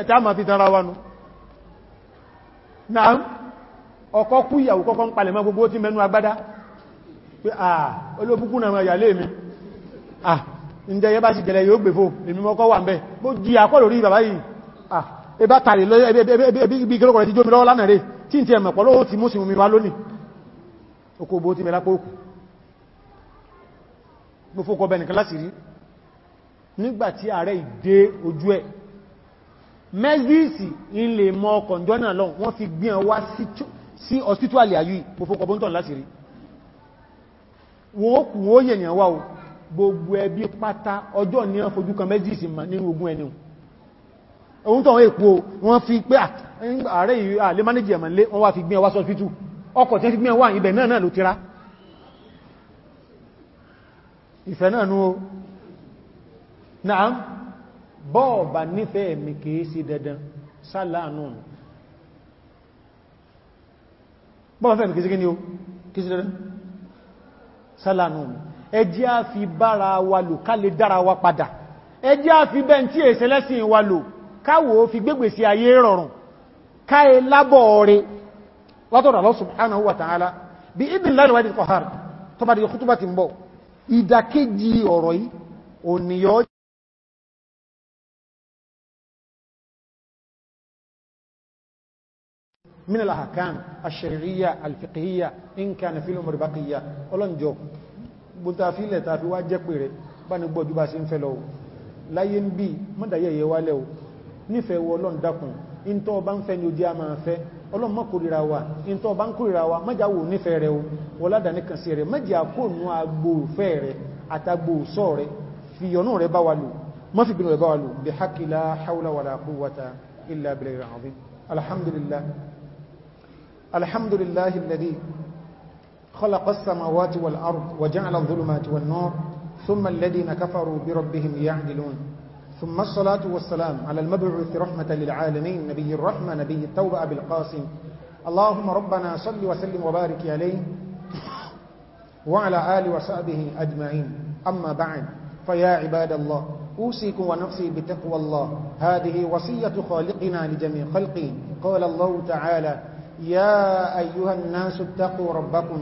ẹ̀tá ma fi tanra wánu náà ọkọ̀ kú ìyàwó kọ́kọ́ ń palẹ̀mọ́ gbogbo tí mẹ́nu agbádá pé àà olóbúkú na ma yàlé mi ah ǹjẹ́ yẹ bá ti jẹlẹ̀ yóò gbèfò èmi mọ́kọ́ wà mẹ́ bó jí akọ́ lórí bàbá yìí ah ẹbá tàrí lọ́yẹ́ nígbàtí ààrẹ ìdé ojú ẹ̀ mẹ́sìsì ilẹ̀ mọ́ kọ̀njọ́nà lọ wọ́n fi gbí ọwá sí ọ̀sítúàlì àyú ìpòfòkọ̀bọ́ntàn láti rí wọ́n kù ó yẹ̀yàn wá o gbogbo ẹbí pátá ọjọ́ ní wọ́n fojú kan mẹ́sìsì ma nínú ogun ẹni ohun tó wọ́n èpo wọ́n fi pé ààrẹ ilé mánéjì ẹ̀mọ̀ lé wọ́n wá fi gbí ọwá sọ́sítù ọkọ̀ tí fi gbí ọwá ibẹ̀ náà náà ló tira ìfẹ́ náà nú o naam bọ́ọ̀bà nífẹ̀ẹ́ mi kìí sí dandan sáláàánú mi bọ́ọ̀fẹ́ mi kìí sí kí ni ó kìí sí dandan sáláàánú mi ẹjẹ́ a fi bára wa lò ká lè dára wa padà ẹjẹ́ a fi bẹ́ẹ̀ tí èsẹ lẹ́sìn wa lò káwò fi gbégbèsí ayé rọrùn káẹ e lábọ̀ rẹ̀ látọ̀dọ̀ Allah من الأحكام الشرعية الفقهية إن كان في الأمر بقية ọlọ́njọ́ gbọ́ntàfílẹ̀ tàbí wá jẹ́ pèrè bá ní gbọ́jú bá sí ń fẹ́ lọ láyé ń bí mọ́dàyẹ̀yẹ wá lẹ́wọ́ nífẹ̀ẹ́ wọ ọlọ́n dákùn ìntọ́ bá ń fẹ́ ní ojú a máa fẹ́ ọlọ́n mọ́ kórìíra wa ìntọ́ bá ń kórìíra wa mọ́já wò nífẹ̀ẹ́ rẹ̀ wọ́ládà ní kàn sí rẹ̀ mẹ́jì àkóònú agbóòfẹ́ rẹ̀ àtagbóòsọ́ rẹ̀ fi ọ̀nà rẹ̀ bá wa lò ما في بنو يبالو بحق لا حول ولا قوة إلا بالله العظيم الحمد لله الحمد لله الذي خلق السماوات والأرض وجعل الظلمات والنور ثم الذين كفروا بربهم يعدلون ثم الصلاة والسلام على المبعوث رحمة للعالمين نبي الرحمة نبي التوبة أبي القاسم اللهم ربنا صل وسلم وبارك عليه وعلى آل وصحبه أجمعين أما بعد فيا عباد الله أوصيكم ونفسي بتقوى الله هذه وصية خالقنا لجميع خلقه قال الله تعالى يا أيها الناس اتقوا ربكم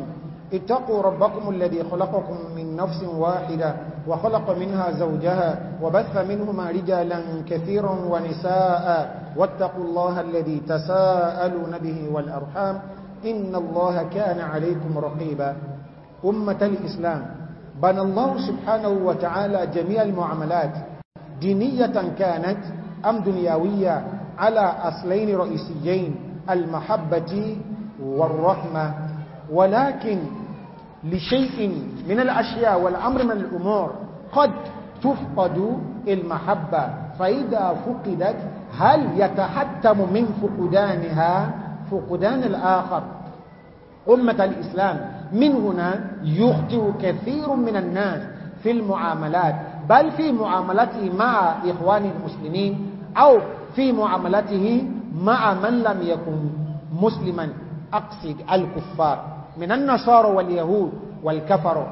اتقوا ربكم الذي خلقكم من نفس واحدة وخلق منها زوجها وبث منهما رجالا كثيرا ونساء واتقوا الله الذي تساءلون به والأرحام إن الله كان عليكم رقيبا أمة الإسلام بنى الله سبحانه وتعالى جميع المعاملات دينية كانت أم دنيوية على أصلين رئيسيين المحبة والرحمة ولكن لشيء من الأشياء والأمر من الأمور قد تفقد المحبة فإذا فقدت هل يتحتم من فقدانها فقدان الآخر أمة الإسلام من هنا يخطئ كثير من الناس في المعاملات بل في معاملته مع إخوان المسلمين أو في معاملته مع من لم يكن مسلما أقصد الكفار من النصارى واليهود والكفر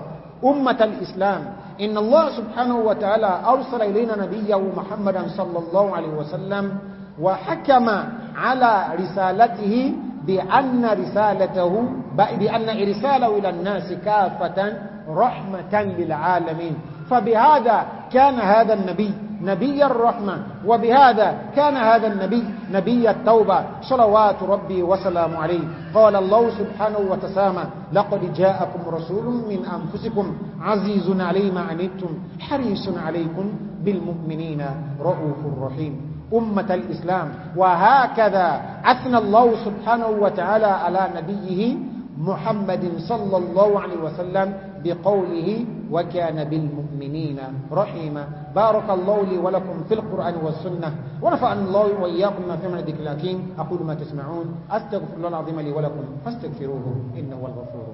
أمة الإسلام إن الله سبحانه وتعالى أرسل إلينا نبيه محمدا صلى الله عليه وسلم وحكم على رسالته بأن رسالته بأن إرساله إلى الناس كافة رحمة للعالمين فبهذا كان هذا النبي نبي الرحمة وبهذا كان هذا النبي نبي التوبة صلوات ربي وسلام عليه قال الله سبحانه وتسامى لقد جاءكم رسول من أنفسكم عزيز علي ما عنيتم حريص عليكم بالمؤمنين رؤوف رحيم أمة الإسلام وهكذا أثنى الله سبحانه وتعالى على نبيه محمد صلى الله عليه وسلم بقوله وكان بالمؤمنين رحيما بارك الله لي ولكم في القرآن والسنة ونفعني الله وإياكم ما من ذكر الحكيم أقول ما تسمعون أستغفر الله العظيم لي ولكم فاستغفروه إنه هو الغفور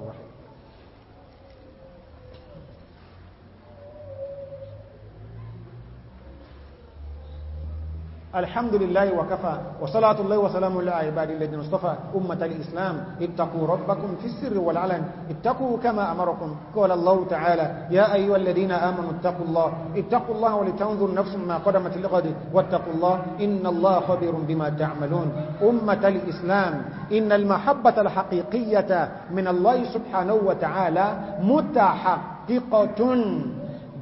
الحمد لله وكفى وصلاة الله وسلام على عباد الذين اصطفى أمة الإسلام اتقوا ربكم في السر والعلن اتقوا كما أمركم قال الله تعالى يا أيها الذين آمنوا اتقوا الله اتقوا الله ولتنظر نفس ما قدمت لغد واتقوا الله إن الله خبير بما تعملون أمة الإسلام إن المحبة الحقيقية من الله سبحانه وتعالى متحققة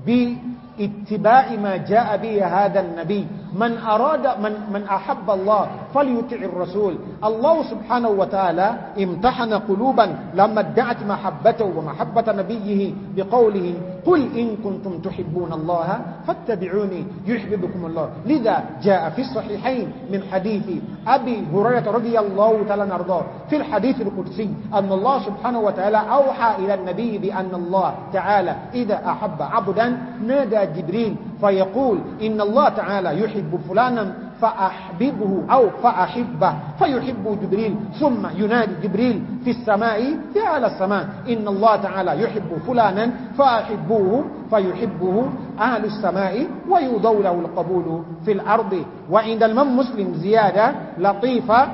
باتباع ما جاء به هذا النبي من أراد من, من أحب الله فليطع الرسول الله سبحانه وتعالى امتحن قلوبا لما ادعت محبته ومحبة نبيه بقوله قل إن كنتم تحبون الله فاتبعوني يحببكم الله لذا جاء في الصحيحين من حديث أبي هريرة رضي الله تعالى نرضاه في الحديث القدسي أن الله سبحانه وتعالى أوحى إلى النبي بأن الله تعالى إذا أحب عبدا نادى جبريل فيقول إن الله تعالى يحب فلانا فأحببه أو فأحبه فيحبه جبريل ثم ينادي جبريل في السماء في أعلى السماء إن الله تعالى يحب فلانا فأحبوه فيحبه أهل السماء ويضوله له القبول في الأرض وعند المن مسلم زيادة لطيفة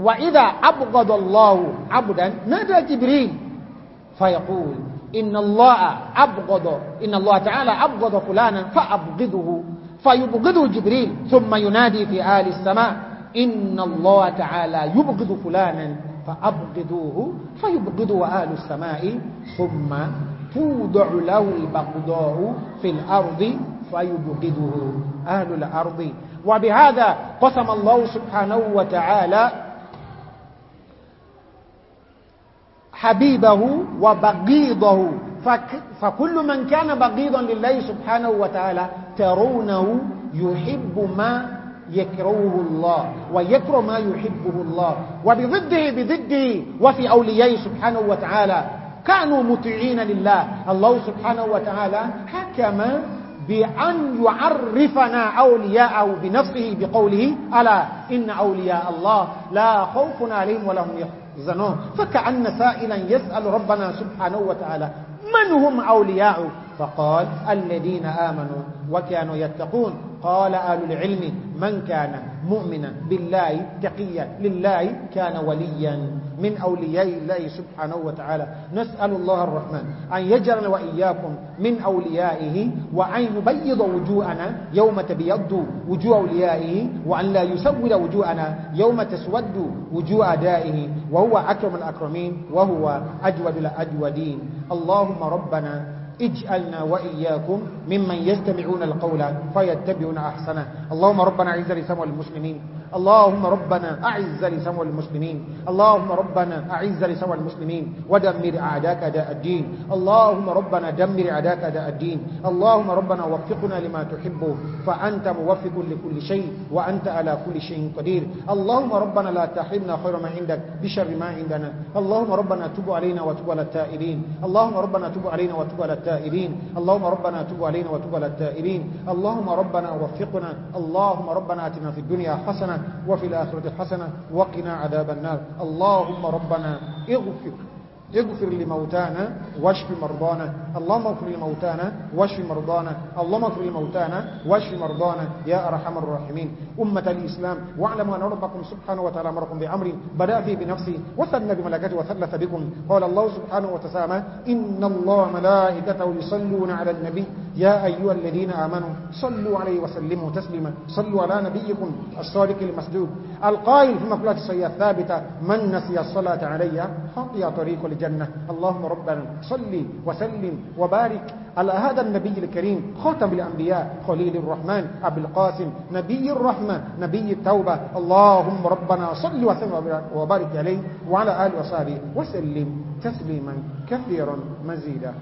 وإذا أبغض الله عبدا نادى جبريل فيقول إن الله أبغض إن الله تعالى أبغض فلانا فأبغضه فيبغضه جبريل ثم ينادي في آل السماء إن الله تعالى يبغض فلانا فأبغضوه فيبغضه آل السماء ثم تودع له البغضاء في الأرض فيبغضه أهل الأرض وبهذا قسم الله سبحانه وتعالى حبيبه وبغيضه فكل من كان بغيضا لله سبحانه وتعالى ترونه يحب ما يكرهه الله ويكره ما يحبه الله وبضده بضده وفي أوليائه سبحانه وتعالى كانوا مطيعين لله الله سبحانه وتعالى حكم بأن يعرفنا أولياءه بنفسه بقوله ألا إن أولياء الله لا خوف عليهم ولا هم يحزنون فكأن سائلا يسأل ربنا سبحانه وتعالى من هم أولياء فقال الذين آمنوا وكانوا يتقون قال آل العلم من كان مؤمنا بالله تقيا لله كان وليا من أولياء الله سبحانه وتعالى نسأل الله الرحمن أن يجعلنا وإياكم من أوليائه وأن يبيض وجوهنا يوم تبيض وجوه أوليائه وأن لا يسود وجوهنا يوم تسود وجوه أدائه وهو أكرم الأكرمين وهو أجود الأجودين اللهم ربنا اجعلنا وإياكم ممن يستمعون القول فيتبعون أحسنه اللهم ربنا عز لسوى المسلمين اللهم ربنا أعز لسوى المسلمين اللهم ربنا أعز لسوى المسلمين ودمر أعداك أداء الدين اللهم ربنا دمر أعداك أداء الدين اللهم ربنا وفقنا لما تحبه فأنت موفق لكل شيء وأنت على كل شيء قدير اللهم ربنا لا تحرمنا خير ما عندك بشر ما عندنا اللهم ربنا تب علينا وتب على التائبين اللهم ربنا تب علينا وتب على التائبين اللهم ربنا تب علينا وتب على التائبين اللهم ربنا وفقنا اللهم ربنا اتنا في الدنيا حسنه وفي الآخرة حسنة وقنا عذاب النار اللهم ربنا اغفر اغفر لموتانا واشف مرضانا اللهم اغفر لموتانا واشف مرضانا اللهم اغفر لموتانا واشف مرضانا يا ارحم الراحمين امه الاسلام واعلموا ان ربكم سبحانه وتعالى امركم بامر بدا فيه بنفسه وثنى بملائكته وثلث بكم قال الله سبحانه وتعالى ان الله ملائكته يصلون على النبي يا ايها الذين امنوا صلوا عليه وسلموا تسليما صلوا على نبيكم الصادق المسدود القائل في مقلات السيئه الثابته من نسي الصلاه علي خطي طريق الجنه الجنة اللهم ربنا صل وسلم وبارك على هذا النبي الكريم خاتم الأنبياء خليل الرحمن أبي القاسم نبي الرحمة نبي التوبة اللهم ربنا صل وسلم وبارك عليه وعلى آله وصحبه وسلم تسليما كثيرا مزيدا